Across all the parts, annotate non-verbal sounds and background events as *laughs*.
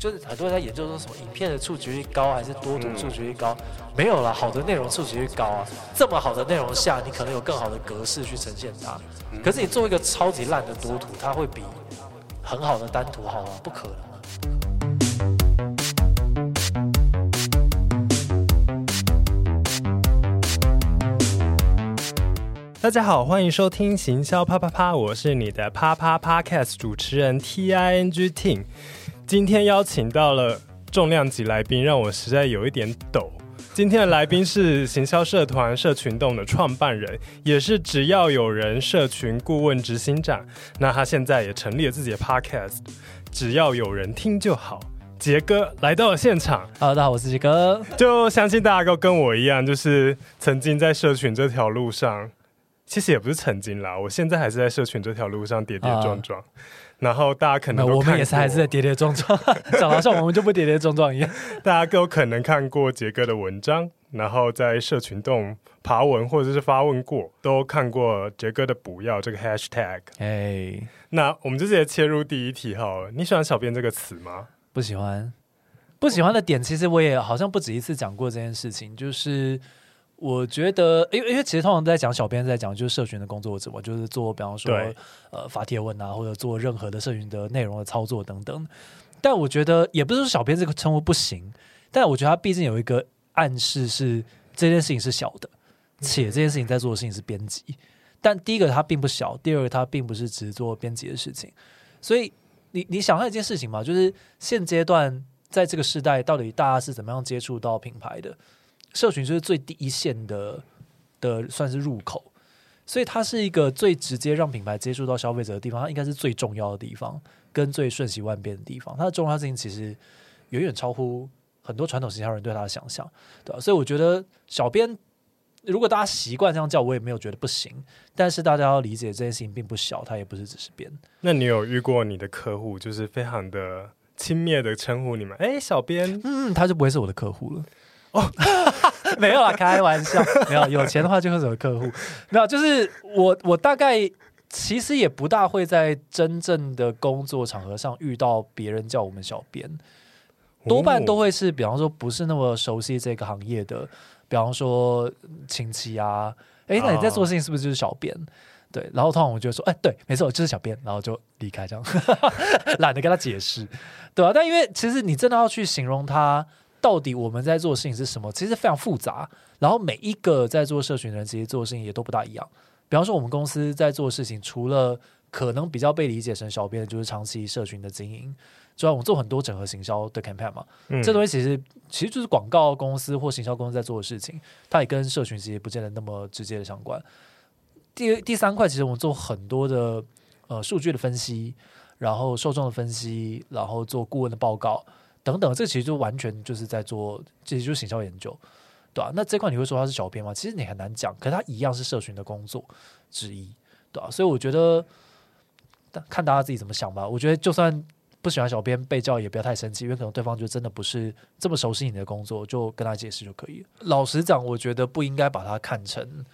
就是很多人在研究說什麼影片的觸及率高還是多圖觸及率高？嗯、沒有啦，好的內容觸及率高啊！這麼好的內容下，你可能有更好的格式去呈現它。嗯、可是你做一個超級爛的多圖，它會比很好的單圖好嗎？不可能、嗯。大家好，歡迎收聽行銷啪啪啪，啪，我是你的啪啪啪 Cast 主持人 Ting、Team。今天邀請到了重量級來賓，讓我實在有一點抖。今天的來賓是行銷社團社群丼的創辦人，也是只要有人社群顧問執行長。那他現在也成立了自己的 podcast，只要有人聽就好。傑哥來到了現場，Hello, 大家好，我是傑哥。就相信大家都跟我一樣，就是曾經在社群這條路上，其實也不是曾經啦，我現在還是在社群這條路上跌跌撞撞、uh.。然後大家可能我們也是還是在跌跌撞撞，長得像我們就不跌跌撞撞一樣。 *laughs* 大家都可能看過杰哥的文章，然後在社群丼爬文或者是發問過，都看過杰哥的補藥這個 hashtag。哎、hey.，那我們就直接切入第一題哈，你喜歡“小編”這個詞嗎？不喜歡，不喜歡的點其實我也好像不止一次講過這件事情，就是。我覺得，因為因為其實通常在講小編在講，就是社群的工作怎麼就是做，比方說呃發帖文啊，或者做任何的社群的內容的操作等等。但我覺得也不是說小編這個稱呼不行，但我覺得它畢竟有一個暗示是這件事情是小的，且這件事情在做的事情是編輯、嗯。但第一個它並不小，第二個它並不是只做編輯的事情。所以你你想到一件事情嘛，就是現階段在這個時代，到底大家是怎麼樣接觸到品牌的？社群就是最第一線的的算是入口，所以它是一個最直接讓品牌接觸到消費者的地方，它應該是最重要的地方，跟最瞬息萬變的地方。它的重要性其實遠遠超乎很多傳統行銷人對它的想象，對、啊、所以我覺得小編，如果大家習慣這樣叫我，也沒有覺得不行。但是大家要理解這件事情並不小，它也不是只是編。那你有遇過你的客戶就是非常的輕蔑的稱呼你嗎？哎、欸，小編，嗯，他就不會是我的客戶了，哦、oh, *laughs* *laughs* 沒有啦，開玩笑，沒有有錢的話就會有客戶。沒有，就是我，我大概其實也不大會在真正的工作場合上遇到別人叫我們小編，多半都會是比方說不是那麼熟悉這個行業的，比方說親戚啊。哎，那你在做事情是不是就是小編？Uh, 對，然後通常我覺得說，哎，對，沒錯，我就是小編，然後就離開這樣， *laughs* 懶得跟他解釋，對啊，但因為其實你真的要去形容他。到底我們在做的事情是什麼？其實非常複雜。然後每一個在做社群的人，其實做的事情也都不大一樣。比方說，我們公司在做的事情，除了可能比較被理解成小編，就是長期社群的經營之外，我們做很多整合行銷的 campaign 嘛。嗯，這東西其實其實就是廣告公司或行銷公司在做的事情，它也跟社群其實不見得那麼直接的相關。第第三塊，其實我們做很多的呃數據的分析，然後受眾的分析，然後做顧問的報告。等等，這個、其實就完全就是在做，其實就是行銷研究，對啊，那這塊你會說他是小編嗎？其實你很難講，可是他一樣是社群的工作之一，對啊，所以我覺得，看大家自己怎麼想吧。我覺得就算不喜歡小編被叫，教也不要太生氣，因為可能對方就真的不是這麼熟悉你的工作，就跟他解釋就可以了。老實講，我覺得不應該把它看成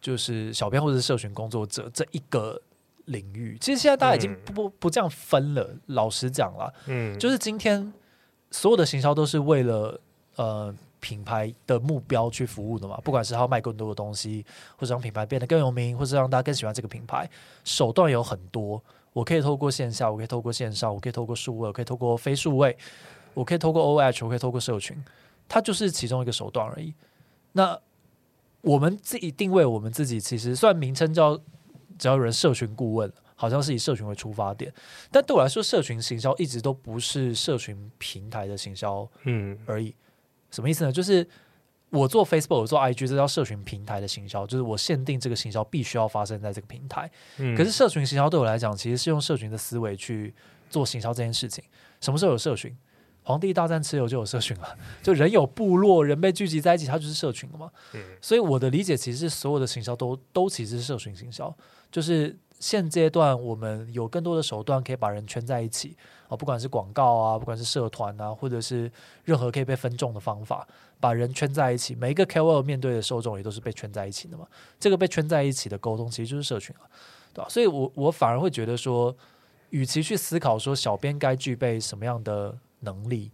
就是小編或者是社群工作者這一個領域。其實現在大家已經不、嗯、不這樣分了。老實講了，嗯，就是今天。所有的行銷都是為了呃品牌的目標去服務的嘛，不管是要賣更多的東西，或者讓品牌變得更有名，或者是讓大家更喜歡這個品牌，手段有很多。我可以透過線下，我可以透過線上，我可以透過數位，我可以透過非數位，我可以透過 OH，我可以透過社群，它就是其中一個手段而已。那我們自己定位我們自己，其實算名稱叫“只要有人社群顧問”。好像是以社群為出發點，但對我來說，社群行銷一直都不是社群平台的行銷，嗯，而已。什麼意思呢？就是我做 Facebook，我做 IG，這叫社群平台的行銷，就是我限定這個行銷必須要發生在這個平台。嗯，可是社群行銷對我來講，其實是用社群的思維去做行銷這件事情。什麼時候有社群？黃帝大戰蚩尤就有社群了，就人有部落，人被聚集在一起，它就是社群了嘛，嗯。所以我的理解其實所有的行銷都都其實是社群行銷，就是。現階段我們有更多的手段可以把人圈在一起啊，不管是廣告啊，不管是社團啊，或者是任何可以被分眾的方法，把人圈在一起。每一個 KOL 面對的受眾也都是被圈在一起的嘛。這個被圈在一起的溝通其實就是社群啊，對吧？所以我我反而會覺得說，與其去思考說小編該具備什麼樣的能力，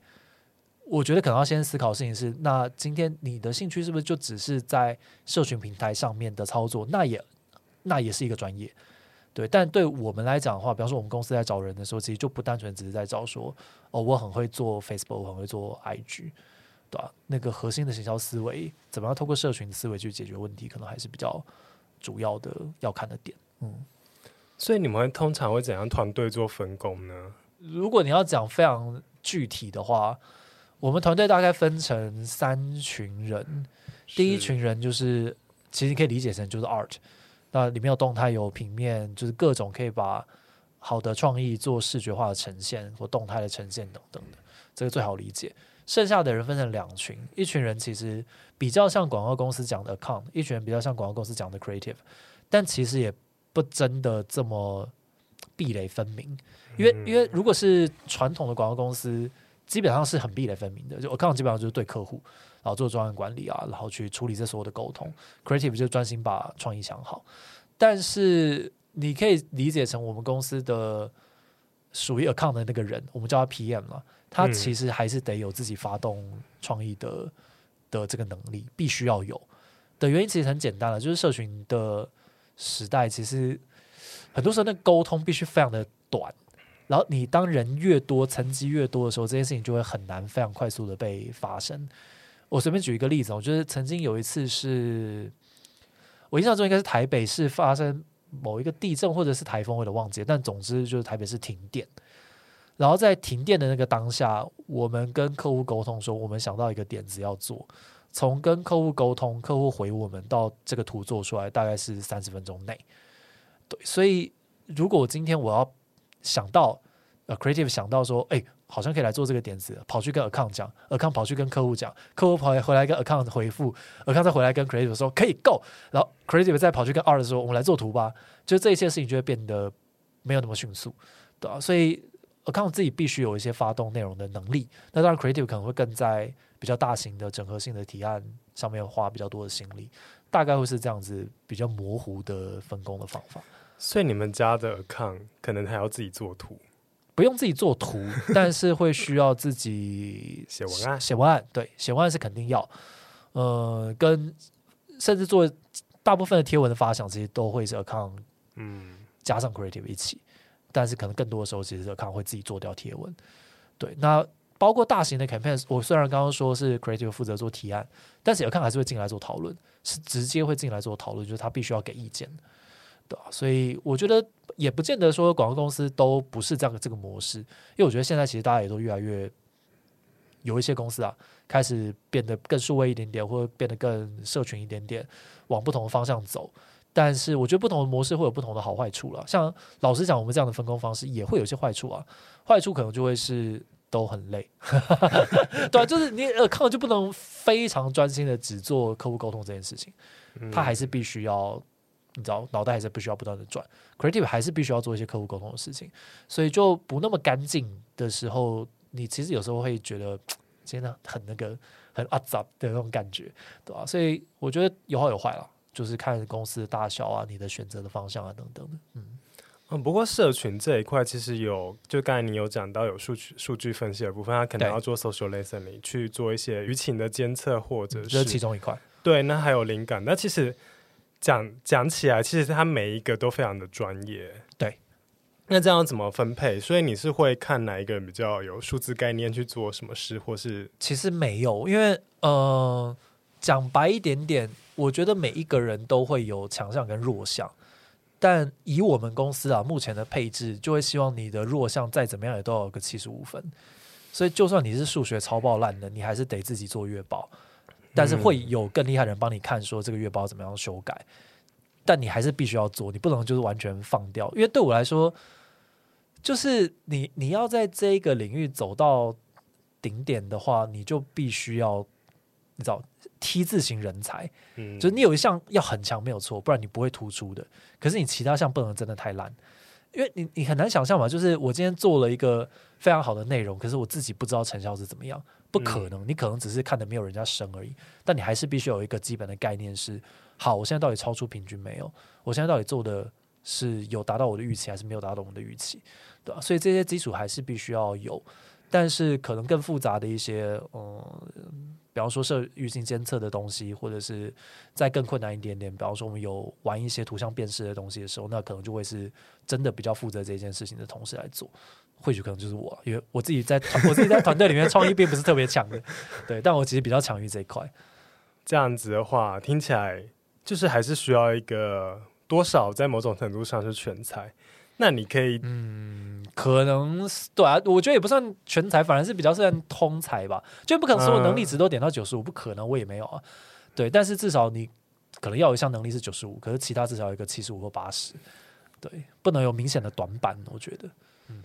我覺得可能要先思考的事情是：那今天你的興趣是不是就只是在社群平台上面的操作？那也那也是一個專業。對，但對我們來講的話，比方說我們公司在找人的時候，其實就不單純只是在找說哦，我很會做 Facebook，我很會做 IG，對吧？啊，那個核心的行銷思維，怎麼樣透過社群思維去解決問題，可能還是比較主要的要看的點。嗯，所以你們會通常會怎樣團隊做分工呢？如果你要講非常具體的話，我們團隊大概分成三群人，第一群人就是其實你可以理解成就是 Art。那裡面有動態有平面，就是各種可以把好的創意做視覺化的呈現或動態的呈現等等的，這個最好理解。剩下的人分成兩群，一群人其實比較像廣告公司講的 account，一群人比較像廣告公司講的 creative，但其實也不真的這麼壁壘分明，因為因為如果是傳統的廣告公司，基本上是很壁壘分明的，就 account 基本上就是對客戶。然後做專案管理啊，然後去處理這所有的溝通。Creative 就專心把創意想好，但是你可以理解成我們公司的屬於 Account 的那個人，我們叫他 PM 嘛，他其實還是得有自己發動創意的的這個能力，必須要有。的原因其實很簡單了，就是社群的時代其實很多時候那溝通必須非常的短，然後你當人越多，層級越多的時候，這件事情就會很難非常快速的被發生。我隨便舉一個例子，我覺得曾經有一次是，我印象中應該是台北市發生某一個地震或者是台風，我有點忘記，但總之就是台北市停電。然後在停電的那個當下，我們跟客戶溝通說，我們想到一個點子要做。從跟客戶溝通，客戶回我們到這個圖做出來，大概是三十分鐘內。對，所以如果今天我要想到呃，creative 想到說，哎。好像可以來做這個點子，跑去跟 account 講，account 跑去跟客戶講，客戶跑來回來跟 account 回覆，account 再回來跟 creative 說可以夠，go! 然後 creative 再跑去跟 R 的說我們來做圖吧，就這一切事情就會變得沒有那麼迅速，對啊，所以 account 自己必須有一些發動內容的能力，那當然 creative 可能會更在比較大型的整合性的提案上面有花比較多的心力，大概會是這樣子比較模糊的分工的方法，所以你們家的 account 可能還要自己做圖。不用自己做圖， *laughs* 但是會需要自己寫，寫文案。寫文案，對，寫文案是肯定要。呃，跟甚至做大部分的貼文的發想，其實都會是 account，嗯，加上 Creative 一起。但是可能更多的時候，其實是 account 會自己做掉貼文。對，那包括大型的 Campaign，我雖然剛剛說是 Creative 負責做提案，但是 account 還是會進來做討論，是直接會進來做討論，就是他必須要給意見。對啊，所以我覺得也不見得說廣告公司都不是這樣的這個模式，因為我覺得現在其實大家也都越來越有一些公司啊，開始變得更數位一點點，或者變得更社群一點點，往不同的方向走。但是我覺得不同的模式會有不同的好壞處了。像老實講，我們這樣的分工方式也會有些壞處啊，壞處可能就會是都很累。 *laughs* *laughs* 對啊，就是你呃，account 就不能非常專心的只做客戶溝通這件事情，他還是必須要。你知道，腦袋還是不需要不斷的轉，creative 還是必須要做一些客戶溝通的事情，所以就不那麼乾淨的時候，你其實有時候會覺得真的很那個很阿雜的那種感覺，對吧、啊？所以我覺得有好有壞啦，就是看公司的大小啊，你的選擇的方向啊等等的，嗯嗯。不過社群這一塊其實有，就剛才你有講到有數據數據分析的部分，他可能要做 social listening 去做一些輿情的監測，或者是，這是其中一塊。對，那還有靈感，那其實。講講起來，其實他每一個都非常的專業。對，那這樣怎麼分配？所以你是會看哪一個人比較有數字概念去做什麼事，或是其實沒有，因為呃，講白一點點，我覺得每一個人都會有強項跟弱項，但以我們公司啊目前的配置，就會希望你的弱項再怎麼樣也都有個七十五分。所以就算你是數學超爆爛的，你還是得自己做月報。但是會有更厲害的人幫你看，說這個月報怎麼樣修改，嗯、但你還是必須要做，你不能就是完全放掉。因為對我來說，就是你你要在這一個領域走到頂點的話，你就必須要，你知道 T 字型人才，嗯，就是你有一項要很強沒有錯，不然你不會突出的。可是你其他項不能真的太爛。因為你你很難想象嘛，就是我今天做了一個非常好的內容，可是我自己不知道成效是怎麼樣，不可能，嗯、你可能只是看得沒有人家深而已，但你還是必須有一個基本的概念是，好，我現在到底超出平均沒有？我現在到底做的是有達到我的預期，還是沒有達到我的預期？對吧、啊？所以這些基礎還是必須要有，但是可能更複雜的一些，嗯。比方說，是輿情監測的東西，或者是再更困難一點點，比方說我們有玩一些圖像辨識的東西的時候，那可能就會是真的比較負責這件事情的同事來做，或許可能就是我，因為我自己在我自己在團隊裡面創意並不是特別強的， *laughs* 對，但我其實比較強於這一塊。這樣子的話，聽起來就是還是需要一個多少在某種程度上是全才。那你可以，嗯，可能是對啊，我覺得也不算全才，反而是比較算通才吧。就不可能所有能力值都點到九十五，不可能，我也沒有啊。對，但是至少你可能要有一項能力是九十五，可是其他至少有一個七十五或八十，對，不能有明顯的短板。我覺得，嗯、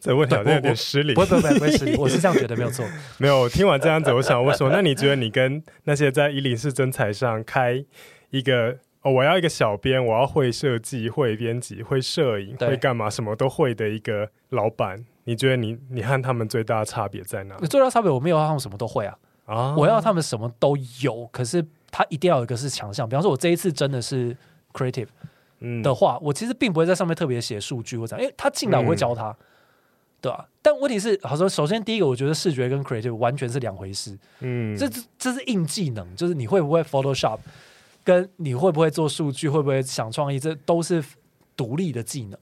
這問題好像有點失禮，不不不，沒失禮，我是這樣覺得，沒有錯。 *laughs* 沒有聽完這樣子，我想問 *laughs* 說，那你覺得你跟那些在一零四徵才上開一個？哦，我要一個小編，我要會設計、會編輯、會攝影、會幹嘛，什麼都會的一個老闆。你覺得你你和他們最大的差別在哪？最大差別，我沒有要他們什麼都會啊啊！我要他們什麼都有，可是他一定要有一個是強項。比方說，我這一次真的是 creative 的話，嗯、我其實並不會在上面特別寫數據或怎樣，因、欸、為他進來我會教他，嗯、對吧、啊？但問題是，好說。首先，第一個，我覺得視覺跟 creative 完全是兩回事。嗯，這這是硬技能，就是你會不會 Photoshop。跟你會不會做數據，會不會想創意，這都是獨立的技能，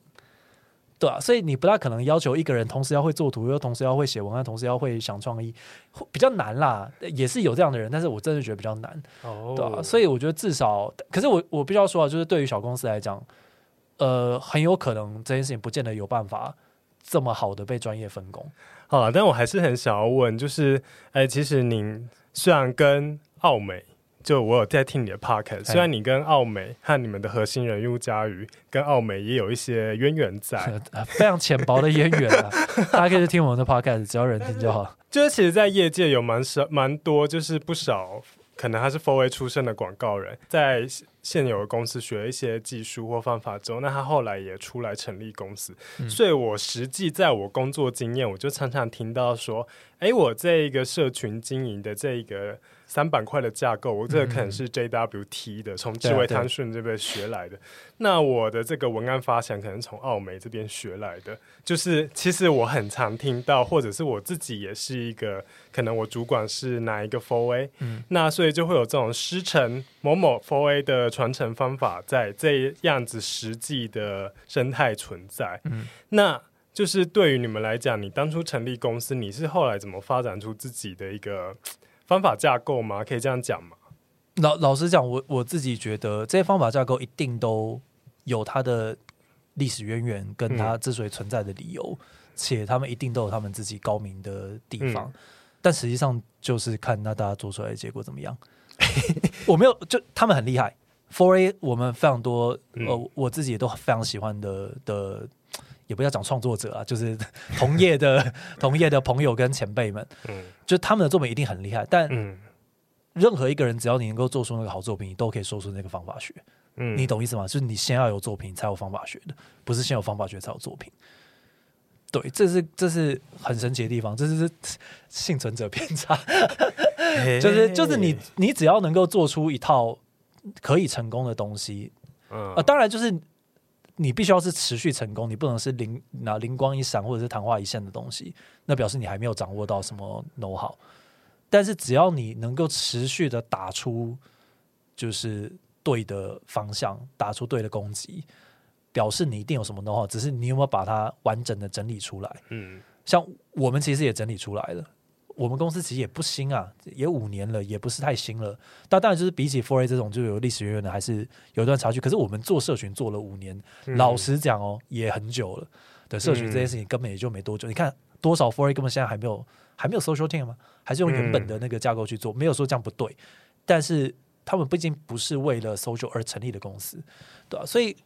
對啊，所以你不大可能要求一個人同時要會做圖，又同時要會寫文案，同時要會想創意，會比較難啦。也是有這樣的人，但是我真的覺得比較難，oh. 對啊，所以我覺得至少，可是我我必須要說，就是對於小公司來講，呃，很有可能這件事情不見得有辦法這麼好的被專業分工。好了，但我還是很想要問，就是，哎、欸，其實您雖然跟奧美。就我有在聽你的 podcast，雖然你跟奧美和你們的核心人物佳瑜跟奧美也有一些淵源在， *laughs* 非常淺薄的淵源啊。 *laughs* 大家可以聽我們的 podcast，只要人聽就好，是就是其實，在業界有蠻少、蠻多，就是不少可能他是 four A 出身的廣告人，在現有的公司學一些技術或方法之後，那他後來也出來成立公司。嗯、所以，我實際在我工作經驗，我就常常聽到說，哎、欸，我這一個社群經營的這一個。三板塊的架構，我這個可能是 JWT 的，從、嗯、智威湯遜這邊學來的，啊啊。那我的這個文案發想可能從奧美這邊學來的。就是其實我很常聽到，或者是我自己也是一個，可能我主管是哪一個 4A，那所以就會有這種師承某某 4A 的傳承方法在這樣子實際的生態存在。嗯、那就是對於你們來講，你當初成立公司，你是後來怎麼發展出自己的一個？方法架構嗎？可以這樣講嗎？老老實講，我我自己覺得這些方法架構一定都有它的歷史淵源，跟它之所以存在的理由、嗯，且他們一定都有他們自己高明的地方。嗯、但實際上，就是看那大家做出來的結果怎麼樣。 *laughs* *laughs* 我沒有，就他們很厲害。4A，我們非常多，呃，我自己也都非常喜歡的的。也不要講創作者啊，就是同業的 *laughs* 同業的朋友跟前輩們，嗯，就他們的作品一定很厲害，但任何一個人只要你能夠做出那個好作品，你都可以說出那個方法學，嗯，你懂意思嗎？就是你先要有作品，才有方法學的，不是先有方法學才有作品。對，這是這是很神奇的地方，這是是幸存者偏差， *laughs* 就是就是你你只要能夠做出一套可以成功的東西，嗯，啊，當然就是。你必須要是持續成功，你不能是靈那靈光一閃或者是曇花一現的東西，那表示你還沒有掌握到什麼 know-how。但是只要你能夠持續的打出，就是對的方向，打出對的攻擊，表示你一定有什麼 know-how，只是你有沒有把它完整的整理出來。嗯，像我們其實也整理出來了。我們公司其實也不新啊，也五年了，也不是太新了。但當然就是比起 4A 這種就有歷史淵源的，還是有一段差距。可是我們做社群做了五年，嗯、老實講哦，也很久了。對，社群這件事情根本也就沒多久。嗯、你看多少 4A 根本現在還沒有還沒有 Social Team 嗎、啊？還是用原本的那個架構去做？嗯、沒有說這樣不對。但是他們畢竟不是為了 Social 而成立的公司，對吧、啊？所以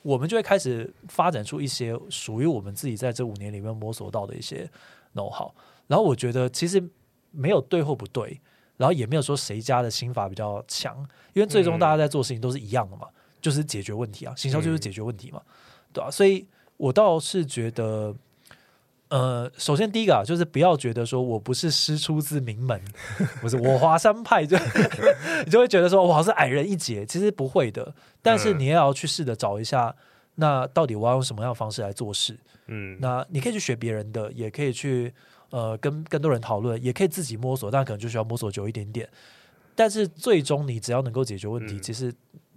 我們就會開始發展出一些屬於我們自己在這五年裡面摸索到的一些 know how。然後我覺得其實沒有對或不對，然後也沒有說誰家的心法比較強，因為最終大家在做事情都是一樣的嘛、嗯，就是解決問題啊，行銷就是解決問題嘛，嗯、對吧、啊？所以，我倒是覺得，呃，首先第一個、啊、就是不要覺得說我不是師出自名門， *laughs* 不是我華山派就 *laughs* *laughs* 你就會覺得說我好像是矮人一截，其實不會的。但是你也要去試着找一下、嗯，那到底我要用什麼樣的方式來做事？嗯，那你可以去學別人的，也可以去。呃，跟更多人討論，也可以自己摸索，但可能就需要摸索久一點點。但是最終，你只要能夠解決問題，嗯、其實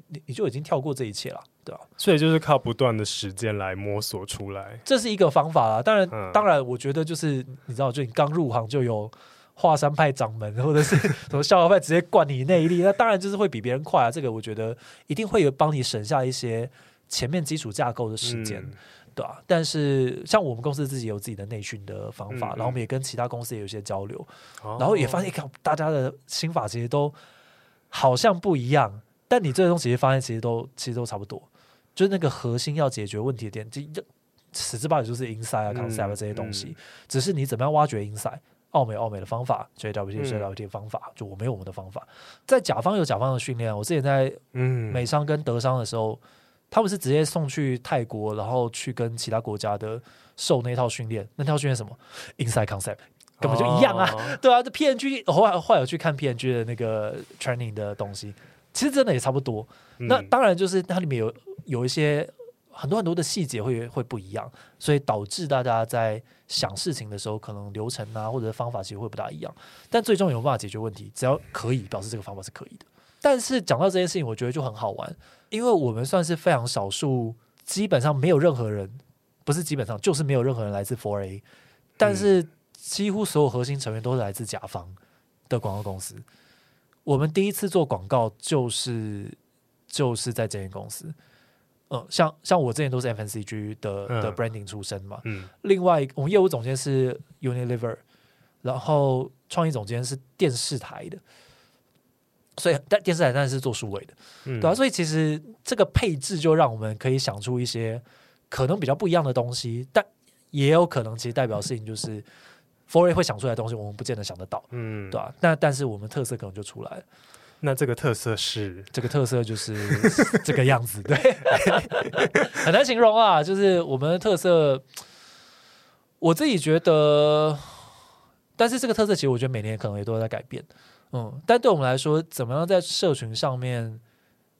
你你就已經跳過這一切了，對吧、啊？所以就是靠不斷的時間來摸索出來，這是一個方法啊。當然，嗯、當然，我覺得就是你知道，就你剛入行就有華山派掌門或者是什麼逍遙派直接灌你內力， *laughs* 那當然就是會比別人快啊，這個我覺得一定會有幫你省下一些前面基礎架構的時間。嗯對吧、啊？但是像我們公司自己有自己的內訓的方法，嗯、然後我們也跟其他公司也有一些交流，嗯、然後也發現靠大家的心法其實都好像不一樣，但你這些東西發現其實都其實都差不多，就是那個核心要解決問題的點，就實質上也就是 insight 啊、嗯、concept 啊這些東西、嗯嗯，只是你怎麼樣挖掘 insight，澳美澳美的方法，j W T c 浙 T 的方法，就我們有我們的方法，在甲方有甲方的訓練。我之前在嗯美商跟德商的時候。嗯他們是直接送去泰國，然後去跟其他國家的受那套訓練，那套訓練什麼？Inside Concept 根本就一樣啊，Oh. 對啊，這 PNG 後來後來有去看 PNG 的那個 training 的東西，其實真的也差不多。那當然就是它裡面有有一些很多很多的細節會會不一樣，所以導致大家在想事情的時候，可能流程啊或者方法其實會不大一樣，但最終有,有辦法解決問題，只要可以，表示這個方法是可以的。但是講到這件事情，我覺得就很好玩，因為我們算是非常少數，基本上沒有任何人，不是基本上就是沒有任何人來自 4A，但是幾乎所有核心成員都是來自甲方的廣告公司。嗯、我們第一次做廣告就是就是在這間公司，嗯，像像我之前都是 FMCG 的的 Branding 出身嘛，嗯、另外我們業務總監是 Unilever，然後創意總監是電視台的。所以，但電視台當然是做數位的。嗯，對啊。所以其實這個配置就讓我們可以想出一些可能比較不一樣的東西，但也有可能其實代表的事情就是 f o u r 會想出來的東西，我們不見得想得到，嗯，對吧，啊，那但是我們特色可能就出來了。那這個特色是？這個特色就是這個樣子， *laughs* 對， *laughs* 很難形容啊。就是我們的特色，我自己覺得，但是這個特色其實我覺得每年可能也都在改變。嗯，但對我們來說，怎麼樣在社群上面，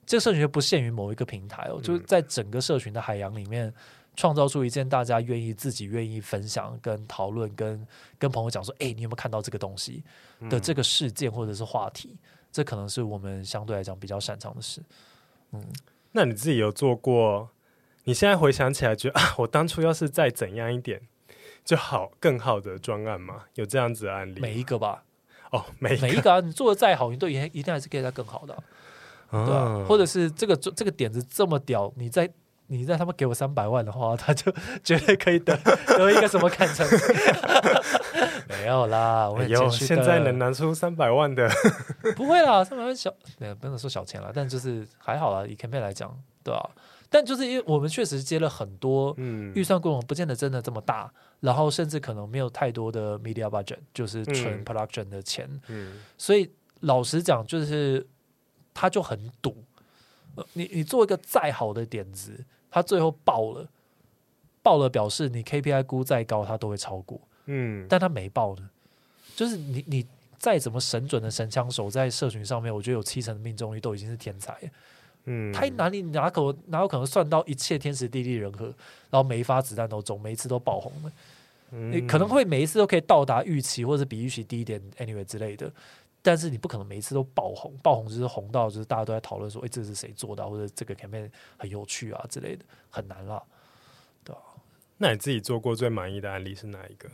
這個社群就不限於某一個平台哦，哦、嗯，就在整個社群的海洋裡面創造出一件大家願意、自己願意分享、跟討論跟、跟跟朋友講說：“哎、欸，你有沒有看到這個東西的這個事件或者是話題、嗯？”這可能是我們相對來講比較擅長的事。嗯，那你自己有做過？你現在回想起來，覺得、啊、我當初要是再怎樣一點就好，更好的專案嗎？有這樣子的案例？每一個吧。哦，每一每一個啊，你做的再好，你都一定還是可以再更好的、啊嗯，對吧、啊？或者是這個這個點子這麼屌，你在你在他們給我三百萬的話，他就絕對可以得 *laughs* 得一個什麼坎城 *laughs* *laughs* 沒有啦，哎、我現在能拿出三百萬的 *laughs* 不會啦，三百萬小不能說小錢啦，但就是還好啦。以 campaign 來講，對啊，但就是因為我們確實接了很多，嗯，預算規模不見得真的這麼大。然後甚至可能沒有太多的 media budget，就是純 production 的錢。嗯嗯，所以老實講，就是他就很賭。呃，你你做一個再好的點子，他最後爆了，爆了表示你 KPI 估再高，他都會超過。嗯，但他沒爆呢，就是你你再怎麼神準的神槍手，在社群上面，我覺得有七成的命中率都已經是天才。嗯，太難，你哪可哪有可能算到一切天時地利人和，然後每一發子彈都中，每一次都爆紅了。你、嗯、可能會每一次都可以到達預期，或者比預期低一點，anyway 之類的。但是你不可能每一次都爆紅，爆紅就是紅到就是大家都在討論說，誒，這是誰做的，或者這個 campaign 很有趣啊之類的，很難了、啊。對啊，那你自己做過最滿意的案例是哪一個？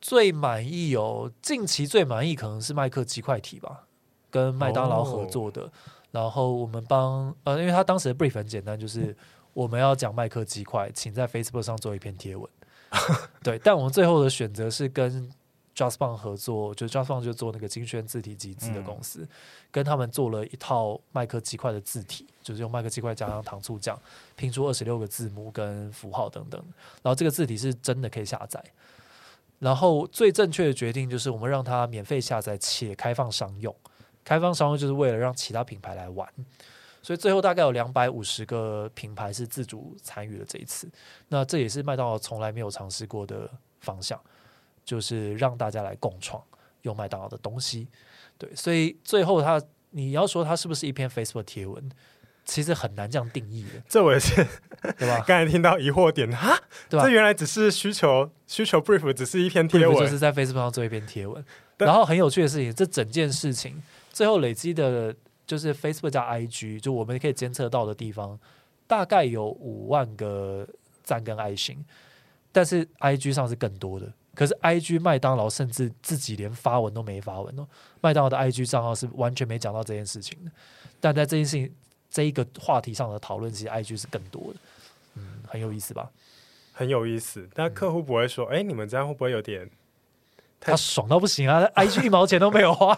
最滿意哦，近期最滿意可能是麥克雞塊體吧，跟麥當勞合作的。哦然後我們幫呃，因為他當時的 brief 很簡單，就是我們要講麥克雞塊，請在 Facebook 上做一篇貼文。嗯、 *laughs* 對，但我們最後的選擇是跟 justfont 合作，就是、justfont 就是做那個金萱字體集資的公司、嗯，跟他們做了一套麥克雞塊的字體，就是用麥克雞塊加上糖醋醬拼出二十六個字母跟符號等等。然後這個字體是真的可以下載。然後最正確的決定就是我們讓它免費下載且開放商用。開放商用就是為了讓其他品牌來玩，所以最後大概有兩百五十個品牌是自主參與了這一次。那這也是麥當勞從來沒有嘗試過的方向，就是讓大家來共創，用麥當勞的東西。對，所以最後他你要說它是不是一篇 Facebook 貼文，其實很難這樣定義的。這我也是對吧？剛才聽到疑惑點哈，對吧？這原來只是需求需求 brief，只是一篇貼文，就是在 Facebook 上做一篇貼文。然後很有趣的事情，這整件事情。最後累積的就是 Facebook 加 IG，就我們可以監測到的地方，大概有五萬個讚跟愛心。但是 IG 上是更多的，可是 IG 麥當勞甚至自己連發文都沒發文哦。麥當勞的 IG 賬號是完全沒講到這件事情的。但在這件事情這一個話題上的討論，其實 IG 是更多的，嗯，很有意思吧？很有意思。但客戶不會說，哎，嗯，欸，你們這樣會不會有點……他爽到不行啊，他 IG 一毛錢都沒有花。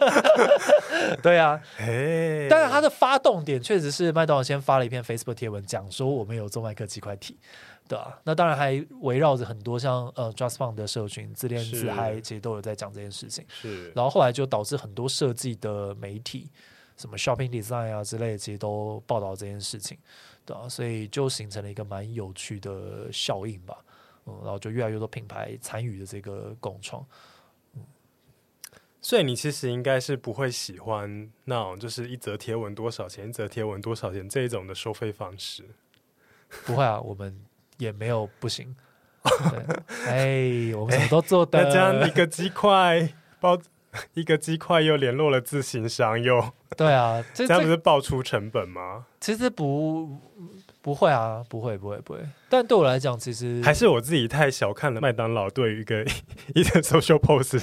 *laughs* *laughs* 對啊，Hey. 但是他的發動點確實是麥當勞先發了一篇 Facebook 貼文，講說我們有做麥克雞塊體，對啊，那當然還圍繞着很多像呃 Just fund 的社群自戀自嗨，其實都有在講這件事情。是，然後後來就導致很多設計的媒體，什麼 Shopping Design 啊之類的，其實都報道這件事情，對啊，所以就形成了一個蠻有趣的效應吧。嗯、然後就越來越多品牌參與的這個共創、嗯。所以你其實應該是不會喜歡那種就是一則貼文多少錢，一則貼文多少錢這種的收費方式。不會啊，我們也沒有不行。 *laughs* 哎，我們什麼都做的。哎、這樣一個雞塊包，一個雞塊又聯絡了自行商，又對啊這這，這樣不是爆出成本嗎？其實不。不會啊，不會，不會，不會。但對我來講，其實還是我自己太小看了麥當勞對於一個 hey, *laughs* 一個 social post 的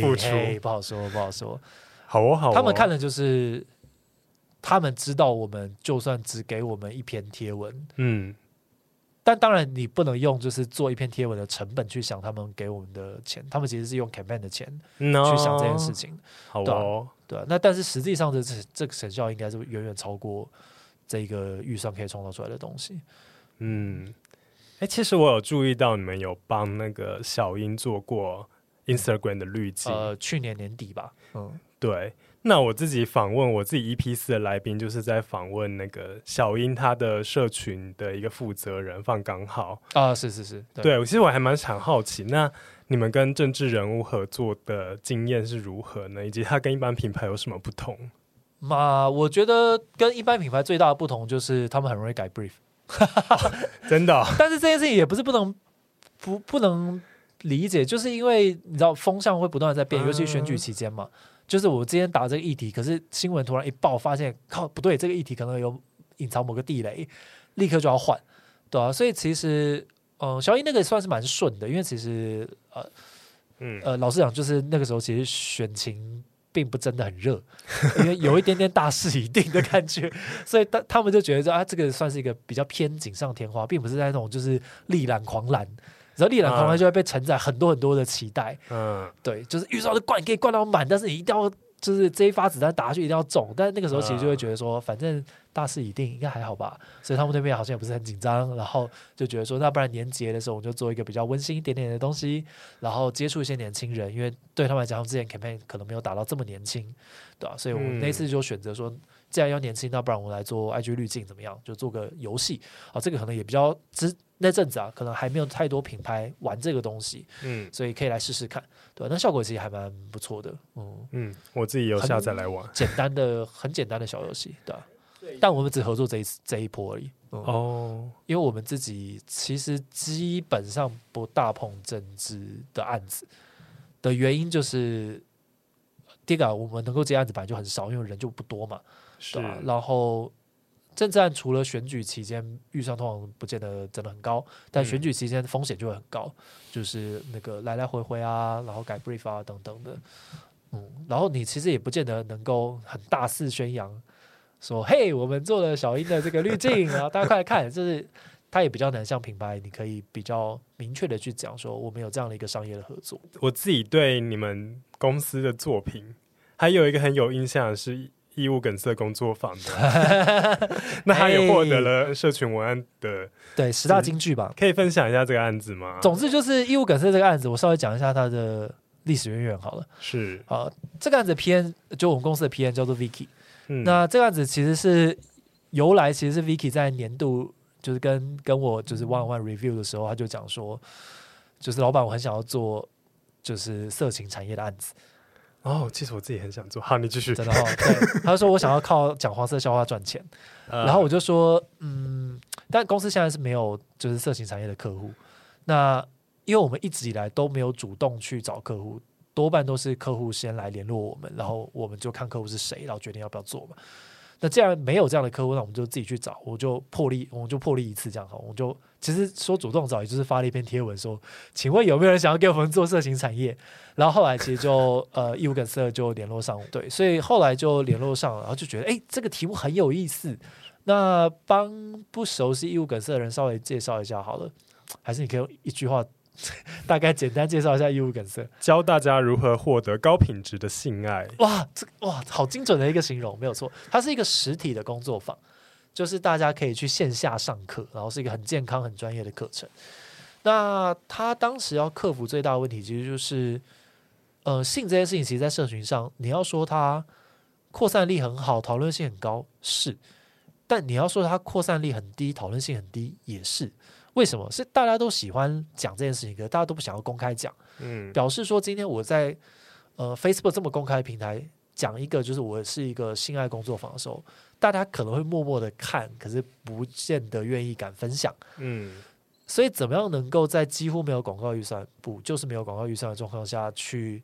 付出。哎、hey,，不好說，不好說。好啊、哦，好、哦。他們看的就是，他們知道我們就算只給我們一篇貼文，嗯。但當然，你不能用就是做一篇貼文的成本去想他們給我們的錢。他們其實是用 campaign 的錢去想這件事情。No、好哦，對，、啊對啊、那但是實際上這這個成效應該是遠遠超過。這一個預算可以創造出來的東西，嗯，哎、欸，其實我有注意到你們有幫那個小英做過 Instagram 的濾鏡，呃，去年年底吧，嗯，對。那我自己訪問我自己 EP4 的來賓，就是在訪問那個小英他的社群的一個負責人，放剛好啊、呃，是是是，對，對我其實我還蠻想好奇，那你們跟政治人物合作的經驗是如何呢？以及他跟一般品牌有什麼不同？嘛，我覺得跟一般品牌最大的不同就是他們很容易改 brief， *laughs* 嗯、真的、哦。但是這件事情也不是不能不不能理解，就是因為你知道風向會不斷在變、嗯，尤其選舉期間嘛。就是我今天打這個議題，可是新聞突然一爆，發現靠、哦、不對，這個議題可能有隱藏某個地雷，立刻就要換，對啊。所以其實嗯、呃，小英那個也算是蠻順的，因為其實呃，嗯呃，老實講，就是那個時候其實選情。並不真的很熱，因為有一點點大勢已定的感覺， *laughs* 所以他他們就覺得說啊，這個算是一個比較偏錦上添花，並不是在那種就是力挽狂瀾，然後力挽狂瀾就會被承載很多很多的期待，嗯。嗯，對，就是預算的灌可以灌到滿，但是你一定要。就是這一發子彈打下去一定要中，但是那個時候其實就會覺得說，嗯、反正大勢已定，應該還好吧。所以他們那邊好像也不是很緊張，然後就覺得說，那不然年節的時候我們就做一個比較溫馨一點點的東西，然後接觸一些年輕人，因為對他們來講，他們之前 campaign 可能沒有打到這麼年輕，對吧、啊？所以，我那次就選擇說、嗯，既然要年輕，那不然我們來做 IG 濾鏡怎麼樣？就做個遊戲啊，這個可能也比較，之那陣子啊，可能還沒有太多品牌玩這個東西，嗯，所以可以來試試看。對、啊，那效果其實還蠻不錯的，嗯，嗯，我自己有下載來玩，簡單的很簡單的小遊戲， *laughs* 對吧，啊？但我們只合作這一次這一波而已、嗯，哦，因為我們自己其實基本上不大碰政治的案子，的原因就是，第二個我們能夠接案子本來就很少，因為人就不多嘛，是，對啊、然後。正站，除了選舉期間預算通常不見得真的很高，但選舉期間風險就會很高，嗯，就是那個來來回回啊，然後改 brief 啊等等的，嗯，然後你其實也不見得能夠很大肆宣揚說，嘿，我們做了小英的這個濾鏡啊， *laughs* 然後大家快來看，就是它也比較難像品牌，你可以比較明確的去講說，我們有這樣的一個商業的合作。我自己對你們公司的作品還有一個很有印象的是。義務梗塞工作坊的， *laughs* *laughs* 那他也獲得了社群文案的 *laughs* 對十大金句吧？可以分享一下這個案子嗎？總之就是義務梗塞這個案子，我稍微講一下它的歷史淵源好了。是啊，這個案子 P N 就我們公司的 P N 叫做 Vicky，嗯。那這個案子其實是由來，其實是 Vicky 在年度就是跟跟我就是 one, one review 的時候，他就講說，就是老闆，我很想要做就是色情產業的案子。哦、oh，其實我自己很想做。好，你繼續。真的好、哦。他說我想要靠講黃色笑話賺錢， *laughs* 然後我就說，嗯，但公司現在是沒有就是色情產業的客戶。那因為我們一直以來都沒有主動去找客戶，多半都是客戶先來聯絡我們，然後我們就看客戶是誰，然後決定要不要做嘛。那既然沒有這樣的客戶，那我們就自己去找。我就破例，我們就破例一次這樣好，我就。其實說主動找，也就是發了一篇貼文說，說請問有沒有人想要給我們做色情產業？然後後來其實就 *laughs* 呃義務梗色就聯絡上，對，所以後來就聯絡上了，然後就覺得誒，這個題目很有意思。那幫不熟悉義務梗色的人稍微介紹一下好了，還是你可以用一句話大概簡單介紹一下義務梗色，教大家如何獲得高品質的性愛。哇，這哇好精準的一個形容，沒有錯，它是一個實體的工作坊。就是大家可以去線下上課，然後是一個很健康、很專業的課程。那他當時要克服最大的問題，其實就是，呃，性這件事情，其實，在社群上，你要說它擴散力很好，討論性很高，是；但你要說它擴散力很低，討論性很低，也是。為什麼？是大家都喜歡講這件事情，可大家都不想要公開講。嗯，表示說今天我在呃 Facebook 這麼公開的平台講一個，就是我是一個性愛工作坊的時候。大家可能會默默的看，可是不見得願意敢分享。嗯，所以怎麼樣能夠在幾乎沒有廣告預算，不就是沒有廣告預算的狀況下去，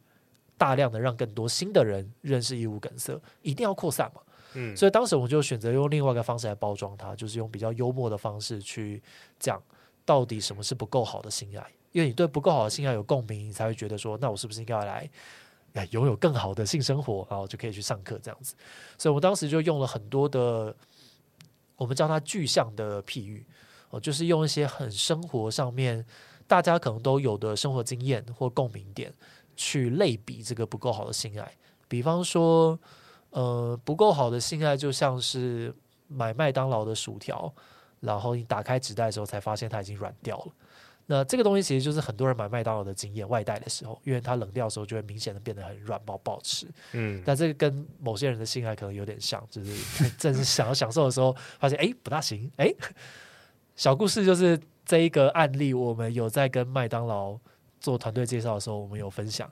大量的讓更多新的人認識義務梗色，一定要擴散嘛。嗯，所以當時我就選擇用另外一個方式來包裝它，就是用比較幽默的方式去講，到底什麼是不夠好的性愛，因為你對不夠好的性愛有共鳴，你才會覺得說，那我是不是應該來？擁有更好的性生活，然後就可以去上課這樣子。所以，我們當時就用了很多的，我們叫它具象的譬喻哦、呃，就是用一些很生活上面大家可能都有的生活經驗或共鳴點，去類比這個不夠好的性愛。比方說，呃，不夠好的性愛就像是買麥當勞的薯條，然後你打開紙袋的時候，才發現它已經軟掉了。那這個東西其實就是很多人買麥當勞的經驗，外帶的時候，因為它冷掉的時候就會明顯的變得很軟，不好吃。嗯，但這個跟某些人的心態可能有點像，就是正是想要享受的時候，發現哎、 *laughs* 欸、不大行哎、欸。小故事就是這一個案例，我們有在跟麥當勞做團隊介紹的時候，我們有分享，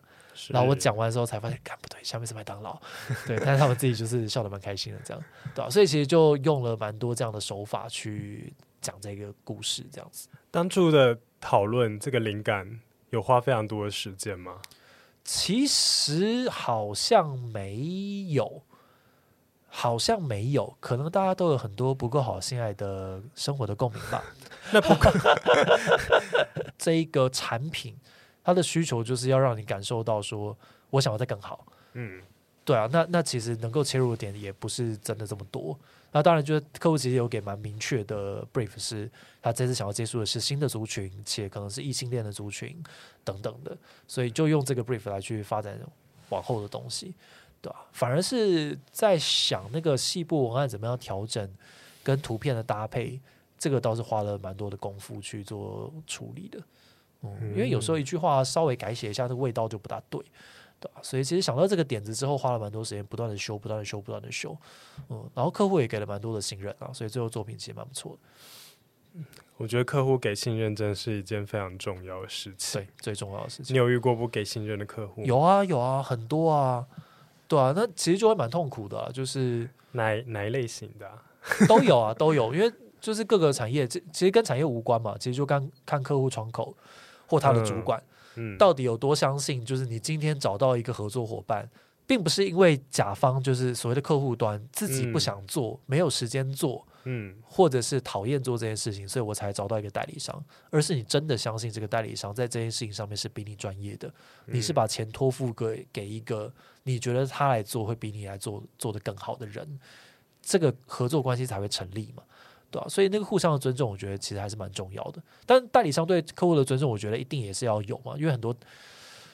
然後我講完之後才發現，幹不對，下面是麥當勞， *laughs* 對，但是他們自己就是笑得蠻開心的，這樣對吧？啊？所以其實就用了蠻多這樣的手法去講這個故事，這樣子。當初的。討論這個靈感有花非常多的時間嗎？其實好像沒有，好像沒有，可能大家都有很多不夠好、心愛的生活的共鳴吧。那不夠，這一個產品它的需求就是要讓你感受到說，我想要再更好。嗯，對啊，那那其實能夠切入點也不是真的這麼多。那、啊、當然，就是客戶其實有給蠻明確的 brief，是他這次想要接觸的是新的族群，且可能是異性戀的族群等等的，所以就用這個 brief 來去發展往後的東西，對吧？反而是在想那個細部文案怎麼樣調整，跟圖片的搭配，這個倒是花了蠻多的功夫去做處理的，嗯，因為有時候一句話稍微改寫一下，這個、味道就不大對。對、啊、所以其實想到這個點子之後，花了蠻多時間，不斷的修，不斷的修，不斷的修，不斷的修，嗯，然後客戶也給了蠻多的信任啊，所以最後作品其實蠻不錯的。嗯，我覺得客戶給信任真的是一件非常重要的事情，對，最重要的事情。你有遇過不給信任的客戶？有啊，有啊，很多啊，對啊，那其實就會蠻痛苦的，啊，就是哪哪一類型的，啊、 *laughs* 都有啊，都有，因為就是各個產業，其實跟產業無關嘛，其實就看看客戶窗口或他的主管。嗯到底有多相信？就是你今天找到一個合作夥伴，並不是因為甲方就是所謂的客戶端自己不想做、沒有時間做、嗯，或者是討厭做這件事情，所以我才找到一個代理商，而是你真的相信這個代理商在這件事情上面是比你專業的，嗯，你是把錢託付給給一個你覺得他來做會比你來做做得更好的人，這個合作關係才會成立嘛。對啊，所以那個互相的尊重，我覺得其實還是蠻重要的。但代理商對客戶的尊重，我覺得一定也是要有嘛。因為很多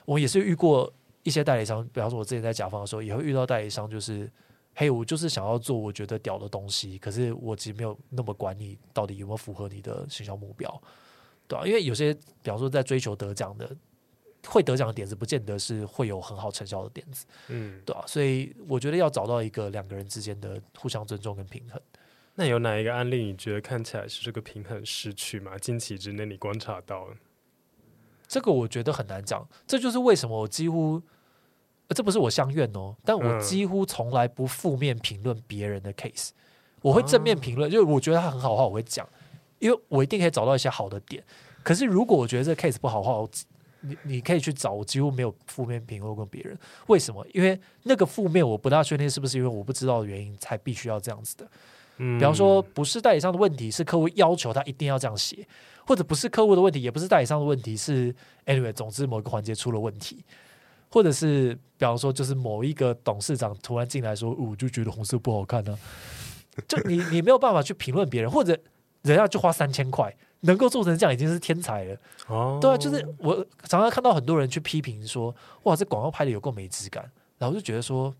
我也是遇過一些代理商，比方說我之前在甲方的時候，也會遇到代理商，就是嘿，我就是想要做我覺得屌的東西，可是我其實沒有那麼管你到底有沒有符合你的形象目標，對吧、啊？因為有些比方說在追求得獎的，會得獎的點子，不見得是會有很好成效的點子，嗯，對啊。所以我覺得要找到一個兩個人之間的互相尊重跟平衡。那有哪一個案例你覺得看起來是這個平衡失去嗎？近期之內你觀察到了？這個我覺得很難講，這就是為什麼我幾乎，呃、這不是我相願哦，但我幾乎從來不負面評論別人的 case，、嗯、我會正面評論，因為我覺得他很好話我會講，因為我一定可以找到一些好的點。可是如果我覺得這 case 不好話，我你你可以去找我，幾乎沒有負面評論過別人。為什麼？因為那個負面我不大確定是不是因為我不知道的原因才必須要這樣子的。比方說，不是代理商的問題，是客戶要求他一定要這樣寫，或者不是客戶的問題，也不是代理商的問題，是 anyway 總之某一個環節出了問題，或者是比方說，就是某一個董事長突然進來說，我、哦、就覺得紅色不好看呢、啊，就你你沒有辦法去評論別人， *laughs* 或者人家就花三千塊能夠做成這樣，已經是天才了。Oh. 對啊，就是我常常看到很多人去批評說，哇，這廣告拍的有夠沒質感，然後就覺得說。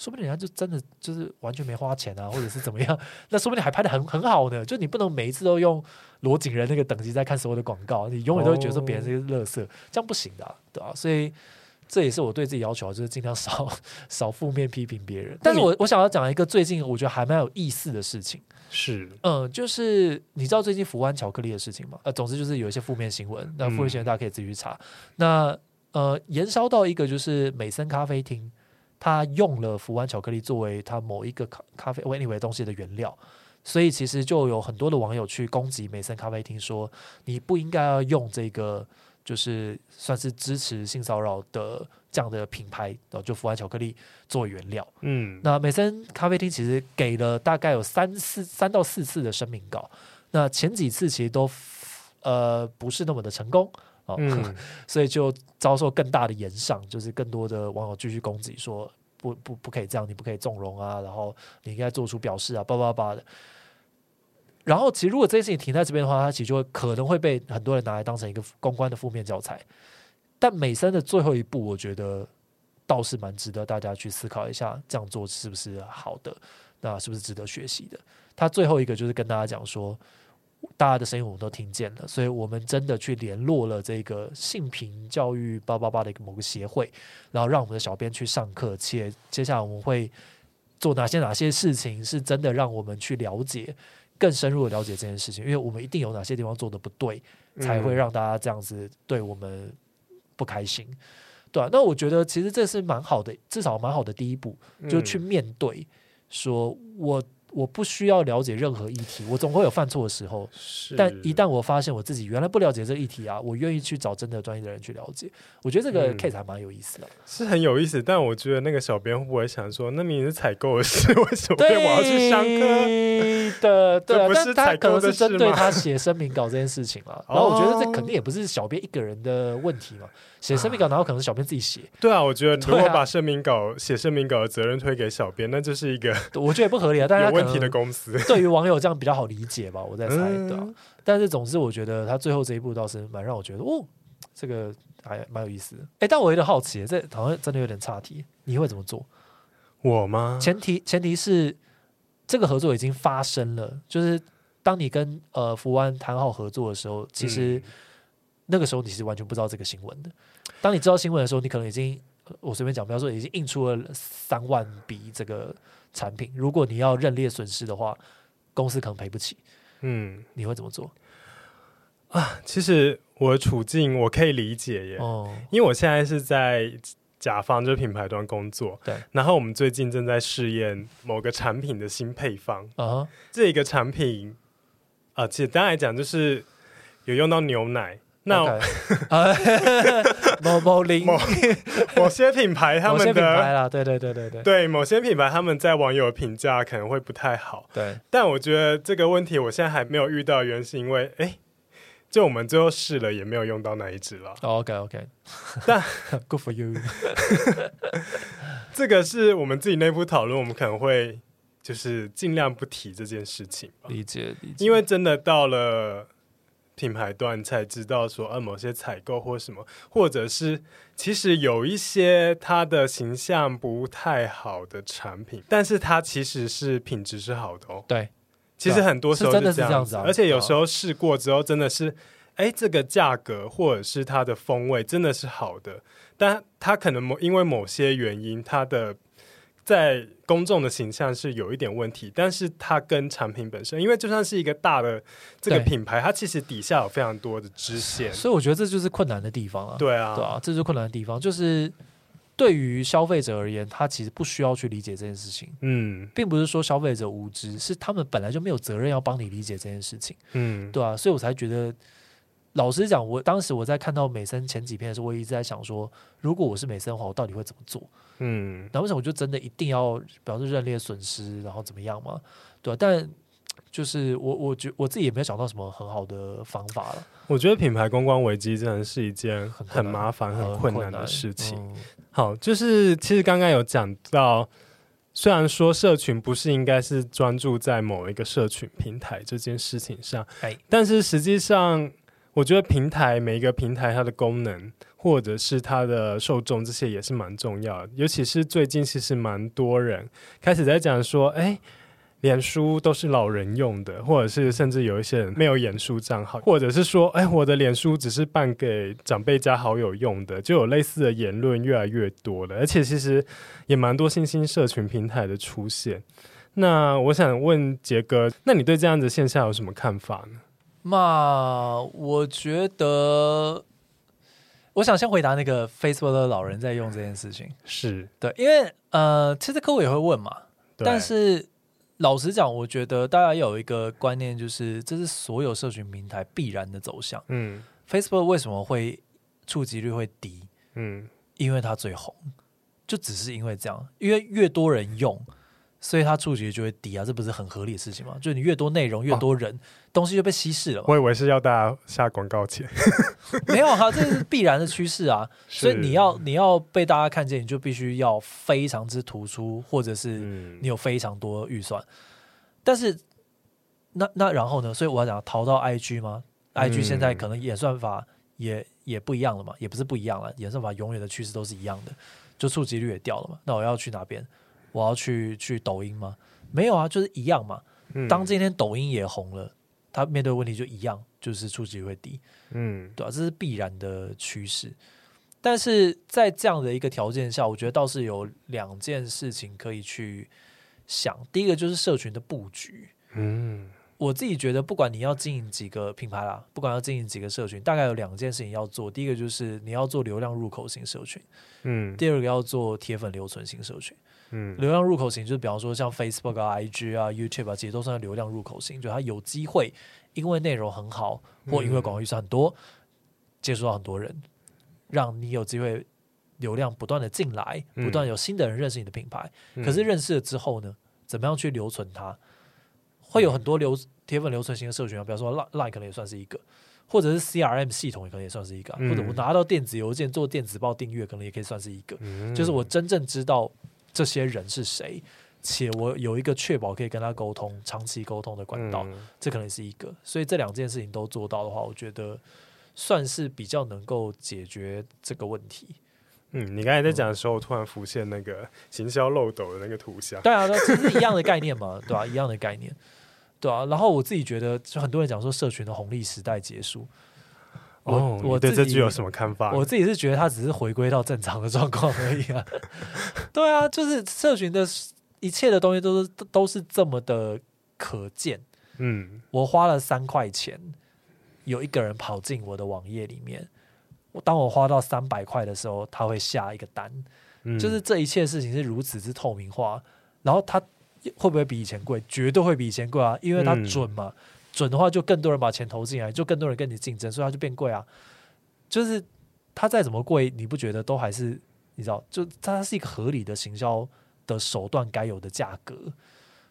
說不定人家就真的就是完全沒花錢啊， *laughs* 或者是怎麼樣？那說不定還拍得很很好呢。就你不能每一次都用羅景仁那個等級在看所有的廣告，你永遠都會覺得說別人是一個垃圾，哦，這樣不行的，啊，對吧、啊？所以這也是我對自己要求，就是盡量少少負面批評別人。但是我我想要講一個最近我覺得還蠻有意思的事情，是嗯、呃，就是你知道最近福灣巧克力的事情嗎？呃，總之就是有一些負面新聞。那負面新聞大家可以自己去查。嗯、那呃，延燒到一個就是美森咖啡廳。他用了福灣巧克力作為他某一個咖咖啡、我 anyway 東西的原料，所以其實就有很多的網友去攻擊美森咖啡廳說，說你不應該要用這個，就是算是支持性騷擾的這樣的品牌，就福灣巧克力作為原料。嗯，那美森咖啡廳其實給了大概有三四三到四次的聲明稿，那前幾次其實都呃不是那麼的成功。嗯、 *laughs* 所以就遭受更大的炎上，就是更多的網友繼續攻擊，說不不不可以這樣，你不可以縱容啊，然後你應該做出表示啊，叭叭叭的。然後，其實如果這件事情停在這邊的話，它其實就會可能會被很多人拿來當成一個公關的負面教材。但美聲的最後一步，我覺得倒是蠻值得大家去思考一下，這樣做是不是好的，那是不是值得學習的？他最後一個就是跟大家講說。大家的聲音我們都聽見了，所以我們真的去聯絡了這個性平教育八八八的一個某個協會，然後讓我們的小編去上課，且接下來我們會做哪些哪些事情，是真的讓我們去了解更深入的了解這件事情，因為我們一定有哪些地方做的不對、嗯，才會讓大家這樣子對我們不開心，對吧、啊？那我覺得其實這是蠻好的，至少蠻好的第一步，就是，去面對，嗯、說我。我不需要了解任何議題，我總會有犯錯的時候。但一旦我發現我自己原來不了解這個議題啊，我願意去找真的專業的人去了解。我覺得這個 case 還蠻有意思的，嗯，是很有意思。但我覺得那個小編會不會想說，那你是採購的事，為什麼我要去上課？對的對， *laughs* 不是，但他可能是針對他寫聲明稿這件事情嘛，啊哦，然後我覺得這肯定也不是小編一個人的問題嘛。寫聲明稿、啊，然後可能是小編自己寫。對啊，我覺得如果把聲明稿、啊、寫聲明稿的責任推給小編，那這是一個我覺得也不合理啊，有問題的公司。對於網友這樣比較好理解吧，我在猜的、嗯啊。但是總之我覺得他最後這一步倒是蠻讓我覺得哦，這個還蠻有意思的。哎，但我有點好奇，這好像真的有點岔題。你會怎麼做？我嗎？前提前提是這個合作已經發生了，就是當你跟呃福灣談好合作的時候，其實。嗯那個時候你是完全不知道這個新聞的。當你知道新聞的時候，你可能已經我隨便講，不要說已經印出了三萬筆這個產品。如果你要認列損失的話，公司可能賠不起。嗯，你會怎麼做？啊，其實我的處境我可以理解耶。哦，因為我現在是在甲方，就是品牌端工作。對。然後我們最近正在試驗某個產品的新配方。啊，嗯，這一個產品，啊，簡單來講就是有用到牛奶。那、okay. *laughs* *laughs* 某，某某零某某些品牌，他們的對對對對對，對某些品牌，他們在網友評價可能會不太好。對，但我覺得這個問題我現在還沒有遇到，原因是因為，哎，就我們最後試了，也沒有用到那一支了。Oh, OK OK，但 Good for you。 *laughs* 這個是我們自己內部討論，我們可能會就是盡量不提這件事情。理解理解，因為真的到了。品牌端才知道說，呃、啊，某些採購或什麼，或者是其實有一些它的形象不太好的產品，但是它其實是品質是好的哦。對，其實很多時候真的是這樣子，這樣子、啊，而且有時候試過之後真的是，哎、哦欸，這個價格或者是它的風味真的是好的，但它可能某因為某些原因，它的，在公眾的形象是有一點問題，但是它跟產品本身，因為就算是一個大的這個品牌，它其實底下有非常多的支線，所以我覺得這就是困難的地方啊。對啊，對啊，這是困難的地方，就是對於消費者而言，他其實不需要去理解這件事情。嗯，並不是說消費者無知，是他們本來就沒有責任要幫你理解這件事情。嗯，對啊，所以我才覺得，老實講，我當時我在看到美森前幾篇的時候，我一直在想說，如果我是美森的話，我到底會怎麼做？嗯，為什麼我就真的一定要表示認列損失，然後怎麼樣嘛？對、啊、但就是我，我覺我自己也沒有想到什麼很好的方法了。我覺得品牌公關危機真的是一件很麻煩、很困難的事情。嗯、好，就是其實剛剛有講到，雖然說社群不是應該是專注在某一個社群平台這件事情上，哎、但是實際上，我覺得平台每一個平台它的功能。或者是他的受眾，這些也是蠻重要的。尤其是最近，其實蠻多人開始在講說，哎、欸，臉書都是老人用的，或者是甚至有一些人沒有臉書賬號，或者是說，哎、欸，我的臉書只是辦給長輩加好友用的，就有類似的言論越來越多了。而且其實也蠻多新興社群平台的出現。那我想問杰哥，那你對這樣的現象有什麼看法呢？那我覺得。我想先回答那個 Facebook 的老人在用這件事情，是對，因為呃，其實客戶也會問嘛，但是老實講，我覺得大家有一個觀念，就是這是所有社群平台必然的走向。嗯，Facebook 為什麼會觸及率會低？嗯，因為它最紅，就只是因為這樣，因為越多人用。所以它觸及率就會低啊，這不是很合理的事情嗎？就是你越多內容，越多人，哦，東西就被稀釋了。我以為是要大家下廣告錢， *laughs* 沒有哈、啊，這是必然的趨勢啊。 *laughs* 所以你要你要被大家看見，你就必須要非常之突出，或者是你有非常多預算。嗯、但是，那那然後呢？所以我想逃到 IG 嗎？IG 現在可能演算法也、嗯、也不一樣了嘛，也不是不一樣了，演算法永遠的趨勢都是一樣的，就觸及率也掉了嘛。那我要去哪邊？我要去去抖音嗎？沒有啊，就是一樣嘛。嗯、當今天抖音也紅了，它面對問題就一樣，就是觸及會低，嗯，對啊，這是必然的趨勢。但是在這樣的一個條件下，我覺得倒是有兩件事情可以去想。第一個就是社群的布局。嗯，我自己覺得，不管你要經營幾個品牌啦、啊，不管要經營幾個社群，大概有兩件事情要做。第一個就是你要做流量入口型社群，嗯，第二個要做鐵粉留存型社群。嗯，流量入口型就是比方說像 Facebook 啊、IG 啊、YouTube 啊，其實都算是流量入口型，就它有機會，因為內容很好，或因為廣告預算很多，嗯、接觸到很多人，讓你有機會流量不斷的進來，嗯、不斷有新的人認識你的品牌、嗯。可是認識了之後呢，怎麼樣去留存它？嗯、會有很多流，鐵粉留存型的社群啊，比方說 LINE，LINE 可能也算是一個，或者是 CRM 系統也可能也算是一個，嗯、或者我拿到電子郵件做電子報訂閱，可能也可以算是一個，嗯、就是我真正知道。這些人是誰？且我有一個確保可以跟他溝通、長期溝通的管道，嗯，這可能是一個。所以這兩件事情都做到的話，我覺得算是比較能夠解決這個問題。嗯，你剛才在講的時候，嗯，突然浮現那個行銷漏斗的那個圖像，對啊，這是一樣的概念嘛， *laughs* 對啊，一樣的概念，對啊，然後我自己覺得，就很多人講說，社群的紅利時代結束。哦，我對這句有什麼看法？我自己是覺得他只是回歸到正常的狀況而已啊。 *laughs* 對啊，就是社群的一切的東西都是都是這麼的可見。嗯，我花了三塊錢，有一個人跑進我的網頁裡面。我當我花到三百塊的時候，他會下一個單。嗯，就是這一切事情是如此之透明化。然後他會不會比以前貴？絕對會比以前貴啊，因為他準嘛。嗯準的話，就更多人把錢投進來，就更多人跟你競爭，所以它就變貴啊。就是它再怎麼貴，你不覺得都還是你知道，就它是一個合理的行銷的手段該有的價格，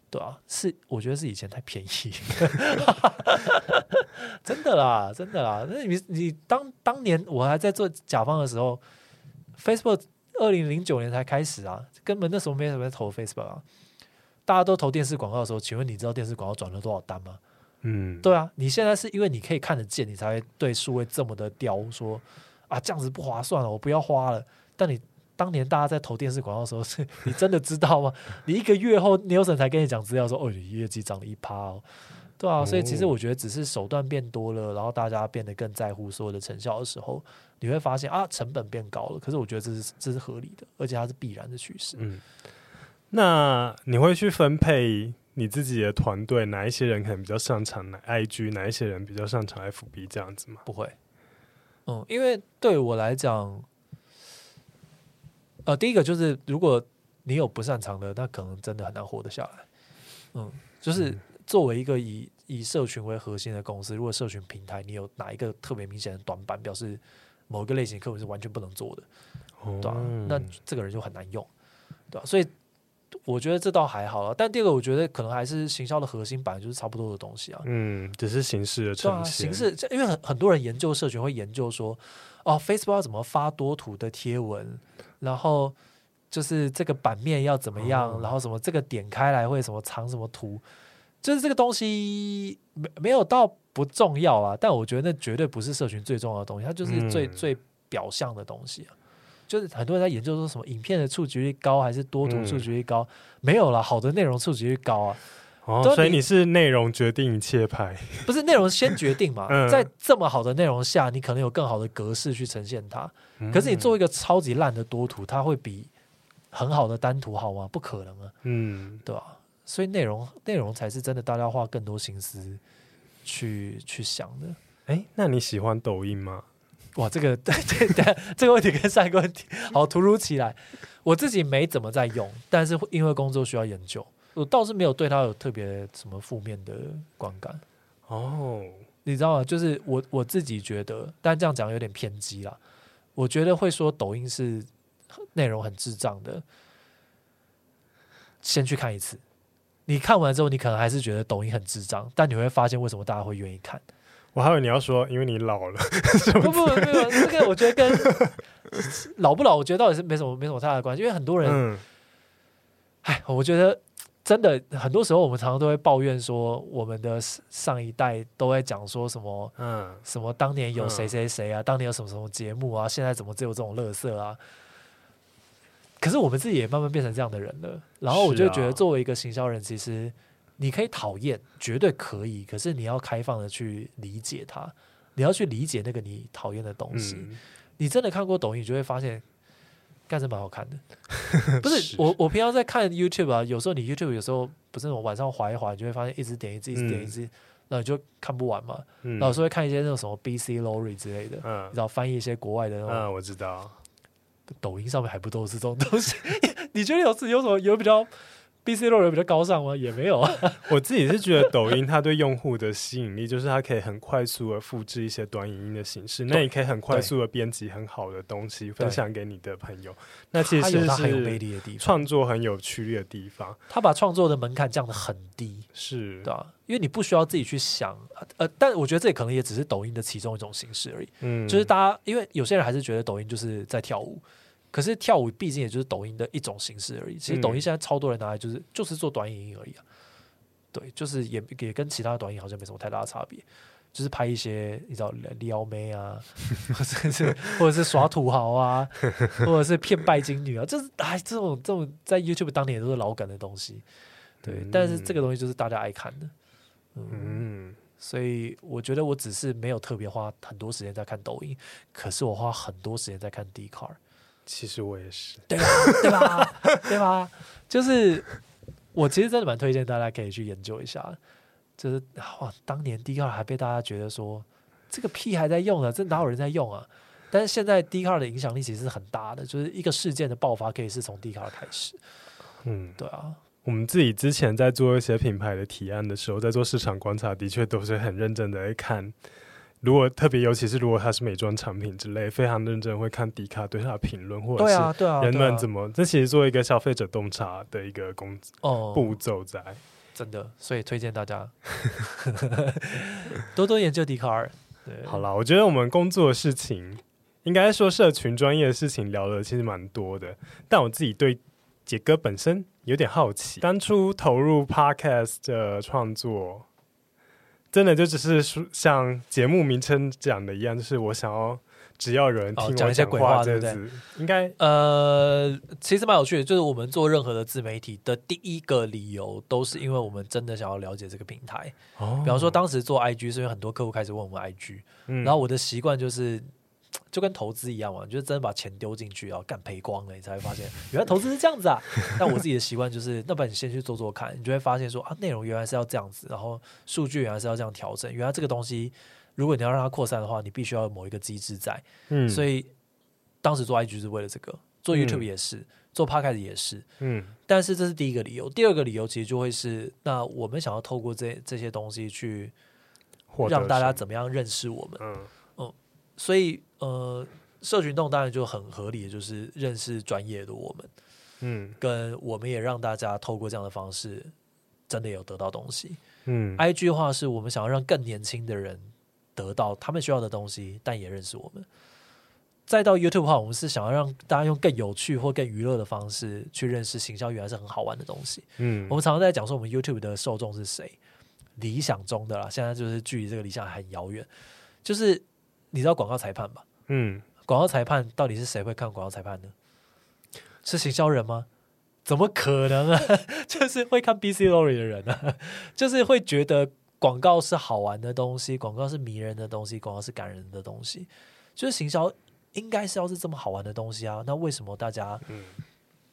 對吧、啊？是，我覺得是以前太便宜， *laughs* *laughs* *laughs* 真的啦，真的啦。那你你當當年我還在做甲方的時候，Facebook 二零零九年才開始啊，根本那時候沒什麼在投 Facebook 啊。大家都投電視廣告的時候，請問你知道電視廣告轉了多少單嗎？嗯，對啊，你現在是因為你可以看得見，你才會對數位這麼的刁說啊，這樣子不划算了，我不要花了。但你當年大家在投電視廣告的時候，是你真的知道嗎？ *laughs* 你一個月後，尼爾森才跟你講資料說，哦，你業績漲了一趴哦，對啊。所以其實我覺得，只是手段變多了，哦、然後大家變得更在乎所有的成效的時候，你會發現啊，成本變高了。可是我覺得這是這是合理的，而且它是必然的趨勢。嗯，那你會去分配？你自己的團隊哪一些人可能比較擅長 IG 哪一些人比較擅長 FB 這樣子嗎？不會，嗯，因為對我來講，呃，第一個就是如果你有不擅長的，那可能真的很難活得下來。嗯，就是作為一個以、嗯、以社群為核心的公司，如果社群平台你有哪一個特別明顯的短板，表示某一個類型客戶是完全不能做的，哦嗯、對吧、啊？那這個人就很難用，對吧、啊？所以。我覺得這倒還好了，但第二個我覺得可能還是行銷的核心本來就是差不多的東西啊。嗯，只是形式的創新、啊、形式，因為很很多人研究社群會研究說，哦，Facebook 要怎麼發多圖的貼文，然後就是這個版面要怎麼樣、嗯，然後什麼這個點開來會什麼藏什麼圖，就是這個東西沒沒有到不重要啊。但我覺得那絕對不是社群最重要的東西，它就是最、嗯、最表象的東西、啊。就是很多人在研究說什麼影片，的觸及率高還是多圖觸及率高？率高嗯、沒有啦，好的內容觸及率高啊！哦，所以你是內容決定一切牌，不是內容先決定嘛？嗯、在這麼好的內容下，你可能有更好的格式去呈現它。嗯、可是你做一個超級爛的多圖，它會比很好的單圖好嗎？不可能啊、嗯！嗯，對吧、啊？所以內容內容才是真的，大家花更多心思去去想的。哎、欸，那你喜歡抖音嗎？哇，這個對對對，這個問題跟上一個問題好突如其來。我自己沒怎麼在用，但是因為工作需要研究，我倒是沒有對它有特別什麼負面的觀感。哦，你知道嗎？就是我我自己覺得，但這樣講有點偏激啦。我覺得會說抖音是內容很智障的，先去看一次。你看完之後，你可能還是覺得抖音很智障，但你會發現為什麼大家會願意看。我還以為你要說，因為你老了。不不，不不不，這 *laughs* 個我覺得跟老不老，我覺得到底是沒什麼沒什麼太大的關係。因為很多人，哎、嗯，我覺得真的很多時候，我們常常都會抱怨說，我們的上一代都會講說什麼，嗯，什麼當年有誰誰誰啊、嗯，當年有什麼什麼節目啊，現在怎麼只有這種垃圾啊？可是我們自己也慢慢變成這樣的人了。然後我就覺得，作為一個行銷人，其實。你可以討厭，絕對可以。可是你要開放的去理解它，你要去理解那個你討厭的東西、嗯。你真的看過抖音，你就會發現，幹，這蠻好看的。 *laughs* 是不是我，我平常在看 YouTube 啊，有時候你 YouTube 有時候不是那種晚上劃一劃，你就會發現一直點一,一直點一直，那、嗯、你就看不完嘛。嗯、然後會看一些那種什麼 BC Lori 之類的，然、嗯、後翻譯一些國外的那種。啊、嗯，我知道。抖音上面還不都是這種東西？ *laughs* 你覺得有是有什麼有比較？B、C 路人比較高尚嗎？也沒有啊。 *laughs* 我自己是覺得抖音它對用戶的吸引力，就是它可以很快速的複製一些短影音的形式，那你可以很快速的編輯很好的東西，分享給你的朋友。那其實是很有魅力的地方，創作很有趣的地方。它把創作的門檻降得很低，是。對啊，因為你不需要自己去想，呃，但我覺得這可能也只是抖音的其中一種形式而已。嗯，就是大家因為有些人還是覺得抖音就是在跳舞。可是跳舞畢竟也就是抖音的一種形式而已。其實抖音現在超多人拿來就是、嗯、就是做短影音而已啊。對，就是也也跟其他的短影好像沒什麼太大的差別，就是拍一些你知道撩妹啊， *laughs* 或者是或者是耍土豪啊， *laughs* 或者是騙拜金女啊，就是哎這種這種在 YouTube 當年也都是老梗的東西。對、嗯，但是這個東西就是大家愛看的。嗯，嗯所以我覺得我只是沒有特別花很多時間在看抖音，可是我花很多時間在看 Dcard。其實我也是 *laughs* 對，對吧？對吧？就是我其實真的蠻推薦大家可以去研究一下，就是哇，當年 D 卡還被大家覺得說這個屁還在用呢？啊，這哪有人在用啊？但是現在 D 卡的影響力其實是很大的，就是一個事件的爆發可以是從 D 卡開始。嗯，對啊，我們自己之前在做一些品牌的提案的時候，在做市場觀察，的確都是很認真的在看。如果特別，尤其是如果他是美妝產品之類，非常認真會看迪卡對他的評論，或者是人們怎麼，這、啊啊啊、其實做一個消費者洞察的一個工、oh, 步驟在。真的，所以推薦大家 *laughs* *laughs* 多多研究迪卡。對，好了，我覺得我們工作的事情，應該說社群專業的事情聊的其實蠻多的，但我自己對傑哥本身有點好奇，當初投入 Podcast 的創作。真的就只是像節目名稱講的一樣，就是我想要只要有人聽我講、哦、一些鬼話，對不對？應該呃，其實蠻有趣的，就是我們做任何的自媒體的第一個理由，都是因為我們真的想要了解這個平台。哦、比方說，當時做 IG 是因為很多客戶開始問我們 IG，嗯、然後我的習慣就是。就跟投資一樣嘛，你就真的把錢丟進去然後幹賠光了，你才會發現原來投資是這樣子啊。 *laughs* 但我自己的習慣就是，那不然你先去做做看，你就會發現說啊，內容原來是要這樣子，然後數據原來是要這樣調整，原來這個東西如果你要讓它擴散的話，你必須要有某一個機制在。嗯，所以當時做 IG 是為了這個，做 YouTube 也是，嗯、做 Podcast 也是。嗯，但是這是第一個理由，第二個理由其實就會是，那我們想要透過這這些東西去，讓大家怎麼樣認識我們？嗯，嗯，所以。呃，社群丼當然就很合理的，就是認識專業的我們，嗯，跟我們也讓大家透過這樣的方式，真的有得到東西，嗯。I G 的話是我們想要讓更年輕的人得到他們需要的東西，但也認識我們。再到 YouTube 的話，我們是想要讓大家用更有趣或更娛樂的方式去認識行銷原來是很好玩的東西，嗯。我們常常在講說，我們 YouTube 的受眾是誰？理想中的啦，現在就是距離這個理想還很遙遠，就是你知道廣告裁判吧？嗯，廣告裁判到底是誰會看廣告裁判呢？是行銷人嗎？怎麼可能啊？ *laughs* 就是會看 BC Laurie 的人啊，就是會覺得廣告是好玩的東西，廣告是迷人的東西，廣告是感人的東西。就是行銷應該是要是這麼好玩的東西啊，那為什麼大家嗯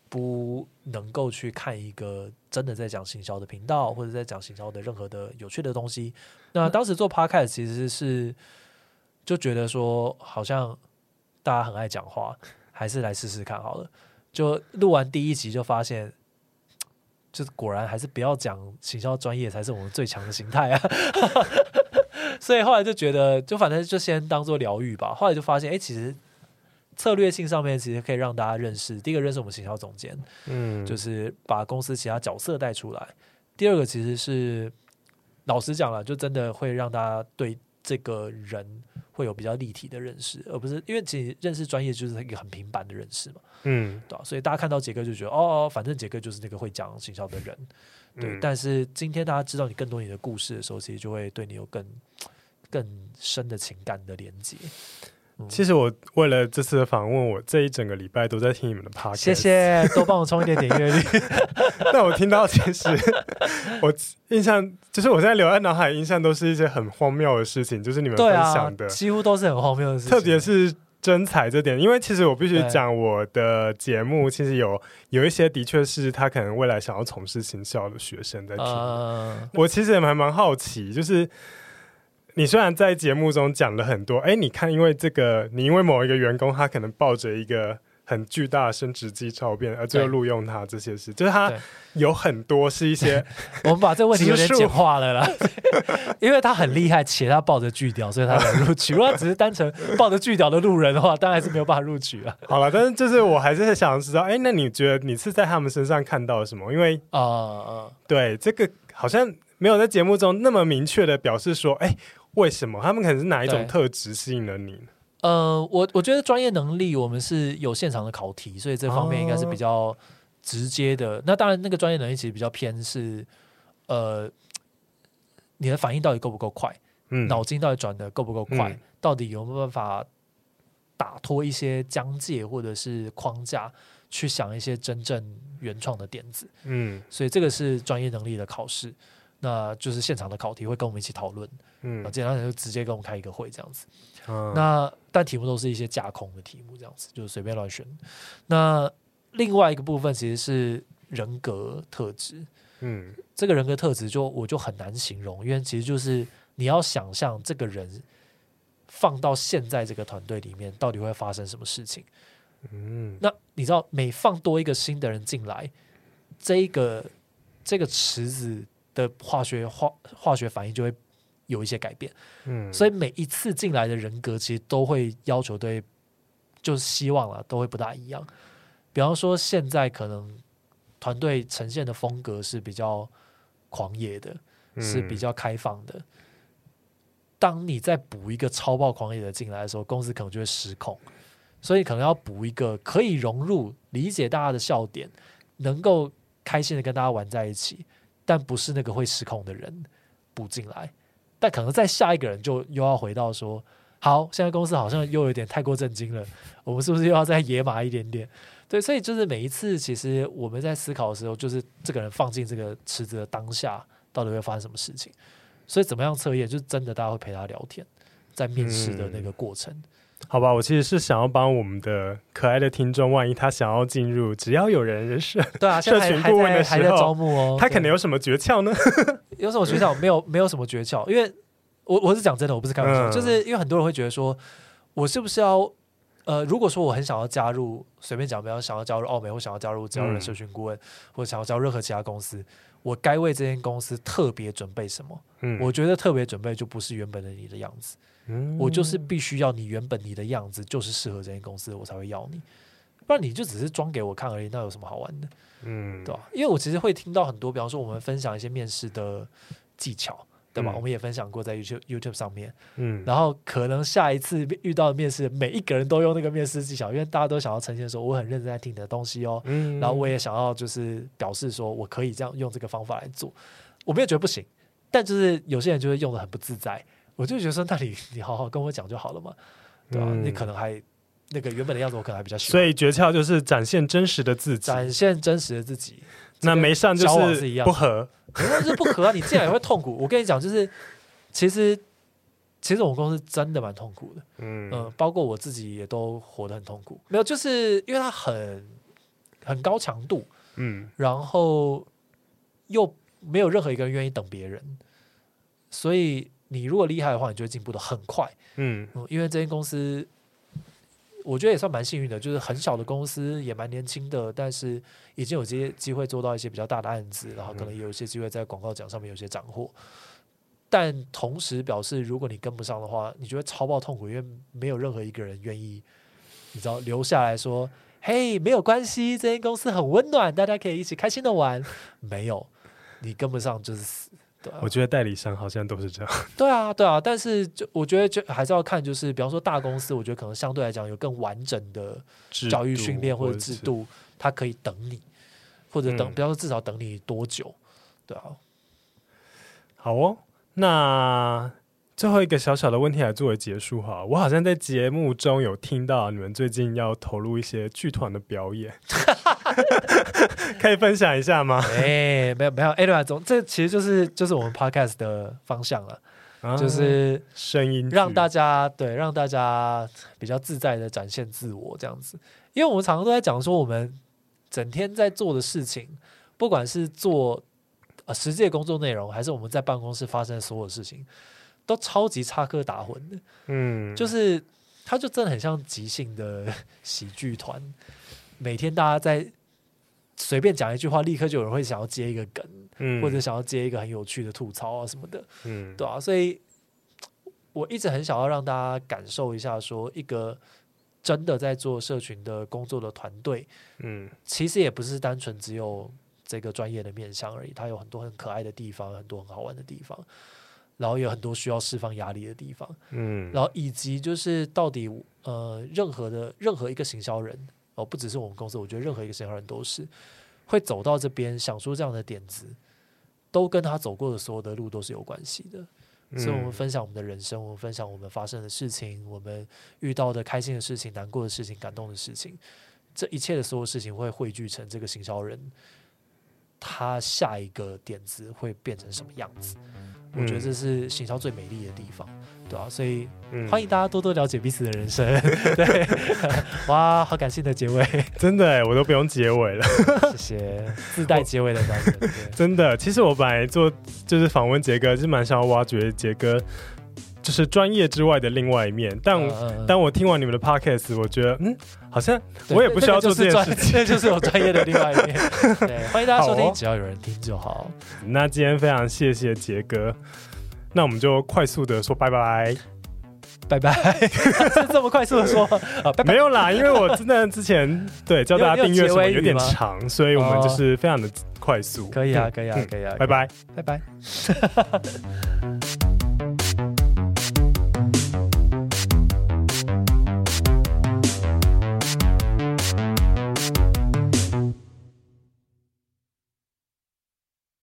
不能夠去看一個真的在講行銷的頻道，或者在講行銷的任何的有趣的東西？那當時做 Podcast 其實是。就覺得說好像大家很愛講話，還是來試試看好了。就錄完第一集就發現，就是果然還是不要講行銷專業才是我們最強的形態啊。 *laughs* 所以後來就覺得，就反正就先當做療癒吧。後來就發現，哎、欸，其實策略性上面其實可以讓大家認識。第一個認識我們行銷總監，嗯，就是把公司其他角色帶出來。第二個其實是老實講了，就真的會讓大家對這個人。會有比較立體的認識，而不是因為只認識專業就是一個很平板的認識嘛？嗯，啊、所以大家看到傑哥就覺得哦，反正傑哥就是那個會講行銷的人，對、嗯。但是今天大家知道你更多你的故事的時候，其實就會對你有更更深的情感的連結。其實我為了這次的訪問，我這一整個禮拜都在聽你們的 podcast。謝謝，多幫我充一點點閱歷。 *laughs* *laughs* 那我聽到其實，我印象就是我現在留在腦海印象都是一些很荒謬的事情，就是你們分享的、啊、幾乎都是很荒謬的事情。特別是徵才這點，因為其實我必須講，我的節目其實有有一些的確是他可能未來想要從事行銷的學生在聽。嗯、我其實也還蠻好奇，就是。你雖然在節目中講了很多，哎，你看，因為這個，你因為某一個員工，他可能抱着一個很巨大的生殖機照片，而最後錄用他這些事，就是他有很多是一些， *laughs* 我們把這個問題有點簡化了啦， *laughs* 因為他很厲害，且他抱着巨屌，所以他被錄取。 *laughs* 如果他只是單純抱着巨屌的路人的話，當然是沒有辦法錄取了啊。好了，但是就是我還是想知道，哎，那你覺得你是在他們身上看到了什麼？因為啊，uh... 對，這個好像沒有在節目中那麼明確的表示說，哎。為什麼他們可能是哪一種特質吸引了你？呃，我我覺得專業，能力，我們是有現場的考題，所以這方面應該是比較直接的。啊、那當然，那個專業能力其實比較偏是，呃，你的反應到底夠不夠快？嗯，腦筋到底轉得夠不夠快、嗯？到底有沒有辦法打脫一些疆界，或者是框架，去想一些真正原創的點子？嗯，所以這個是專業能力的考試。那就是現場的考題會跟我們一起討論，嗯，啊，其他人就直接跟我們開一個會這樣子，嗯，那但題目都是一些架空的題目，這樣子就是隨便亂選。那另外一個部分其實是人格特質，嗯，這個人格特質就我就很難形容，因為其實就是你要想象這個人放到現在這個團隊裡面，到底會發生什麼事情，嗯，那你知道每放多一個新的人進來，這一個這個池子。的化學化化學反應就會有一些改變，嗯，所以每一次進來的人格其實都會要求對，就是希望啊都會不大一樣。比方說現在可能團隊呈現的風格是比較狂野的，是比較開放的。當你再補一個超暴狂野的進來的時候，公司可能就會失控，所以可能要補一個可以融入、理解大家的笑點，能夠開心的跟大家玩在一起。但不是那個會失控的人補進來，但可能在下一個人就又要回到說，好，現在公司好像又有點太過震驚了，我們是不是又要再野馬一點點？對，所以就是每一次，其實我們在思考的時候，就是這個人放進這個池子的當下，到底會發生什麼事情？所以怎麼樣測驗，就真的大家會陪他聊天，在面試的那個過程。嗯好吧，我其實是想要幫我們的可愛的聽眾，萬一他想要進入，只要有人認識，對啊，社群顧問的時候招募、哦，他可能有什麼訣竅呢？有什麼訣竅？ *laughs* 沒有，沒有什麼訣竅，因為我我是講真的，我不是開玩笑，就是因為很多人會覺得說，我是不是要呃，如果說我很想要加入，隨便講，比如想要加入奧美，或想要加入這樣的社群顧問，嗯、或想要加入任何其他公司，我該為這間公司特別準備什麼？嗯、我覺得特別準備就不是原本的你的樣子。嗯，我就是必須要你原本你的樣子就是適合這間公司的，我才會要你，不然你就只是裝給我看而已，那有什麼好玩的？嗯，對吧？因為我其實會聽到很多，比方說我們分享一些面試的技巧，嗯，對吧？我們也分享過在 YouTube YouTube 上面，嗯，然後可能下一次遇到的面試，每一個人都用那個面試技巧，因為大家都想要呈現說我很認真在聽你的東西哦、喔，嗯，然後我也想要就是表示說我可以這樣用這個方法來做，我沒有覺得不行，但就是有些人就會用得很不自在。我就覺得說，那你你好好跟我講就好了嘛，嗯、對吧？你可能還那個原本的樣子，我可能還比較喜歡。所以訣竅就是展現真實的自己，展現真實的自己。那沒上就是不合，不合沒上就是不合啊！你進來也會痛苦。 *laughs* 我跟你講，就是其實其實我們公司真的蠻痛苦的，嗯、呃、包括我自己也都活得很痛苦。沒有，就是因為他很很高強度，嗯，然後又沒有任何一個人願意等別人，所以。你如果厲害的話，你就會進步得很快。嗯，因為這間公司，我覺得也算蠻幸運的，就是很小的公司，也蠻年輕的，但是已經有這些機會做到一些比較大的案子，然後可能也有一些機會在廣告獎上面有些斬獲。但同時表示，如果你跟不上的話，你覺得超爆痛苦，因為沒有任何一個人願意，你知道留下來說：“嘿，沒有關係，這間公司很溫暖，大家可以一起開心的玩。”沒有，你跟不上就是死。啊、我覺得代理商好像都是這樣。對啊，對啊，但是就我覺得就還是要看，就是比方說大公司，我覺得可能相對來講有更完整的教育訓練或者制度，或者是，它可以等你，或者等、嗯，比方說至少等你多久，對啊。好哦，那最後一個小小的問題來作為結束哈。我好像在節目中有聽到你們最近要投入一些劇團的表演。 *laughs* *laughs* 可以分享一下嗎？哎、欸，沒有沒有，哎、欸、對了，總這其實就是就是我們 podcast 的方向了， *laughs* 就是聲音，讓大家對讓大家比較自在的展現自我這樣子。因為我們常常都在講說，我們整天在做的事情，不管是做、呃、實際的工作內容，還是我們在辦公室發生的所有事情，都超級插科打諢的。嗯，就是它就真的很像即興的 *laughs* 喜劇團，每天大家在。隨便講一句話，立刻就有人會想要接一個梗，嗯，或者想要接一個很有趣的吐槽啊什麼的，嗯，對啊，所以我一直很想要讓大家感受一下說，說一個真的在做社群的工作的團隊，嗯，其實也不是單純只有這個專業的面向而已，它有很多很可愛的地方，很多很好玩的地方，然後有很多需要釋放壓力的地方，嗯，然後以及就是到底，呃，任何的任何一個行銷人。哦，不只是我們公司，我覺得任何一個行銷人都是會走到這邊，想出這樣的點子，都跟他走過的所有的路都是有關係的。嗯。所以，我們分享我們的人生，我們分享我們發生的事情，我們遇到的開心的事情、難過的事情、感動的事情，這一切的所有事情會匯聚成這個行銷人，他下一個點子會變成什麼樣子？我覺得這是行銷最美麗的地方，嗯、對啊，所以、嗯、歡迎大家多多了解彼此的人生。對， *laughs* 哇，好感性的結尾，真的，我都不用結尾了。 *laughs* 謝謝自帶結尾的感覺 *laughs* 真的，其實我本來做就是訪問傑哥，就是、蠻想要挖掘傑哥。就是專業之外的另外一面，但、呃、當我聽完你們的 Podcast，我覺得嗯，好像我也不需要做這件事情，那個、就是有專 *laughs* 業的另外一面。對，歡迎大家收聽、哦，只要有人聽就好。那今天非常謝謝傑哥，那我們就快速的說拜拜，拜拜， *laughs* *laughs* 這麼快速的說拜拜，沒有啦，因為我真的之前 *laughs* 對教大家訂閱什麼有點長有有，所以我們就是非常的快速，哦嗯、可以啊，可以啊，可以啊、嗯，可以啊，可以啊，拜拜，拜拜。 *laughs*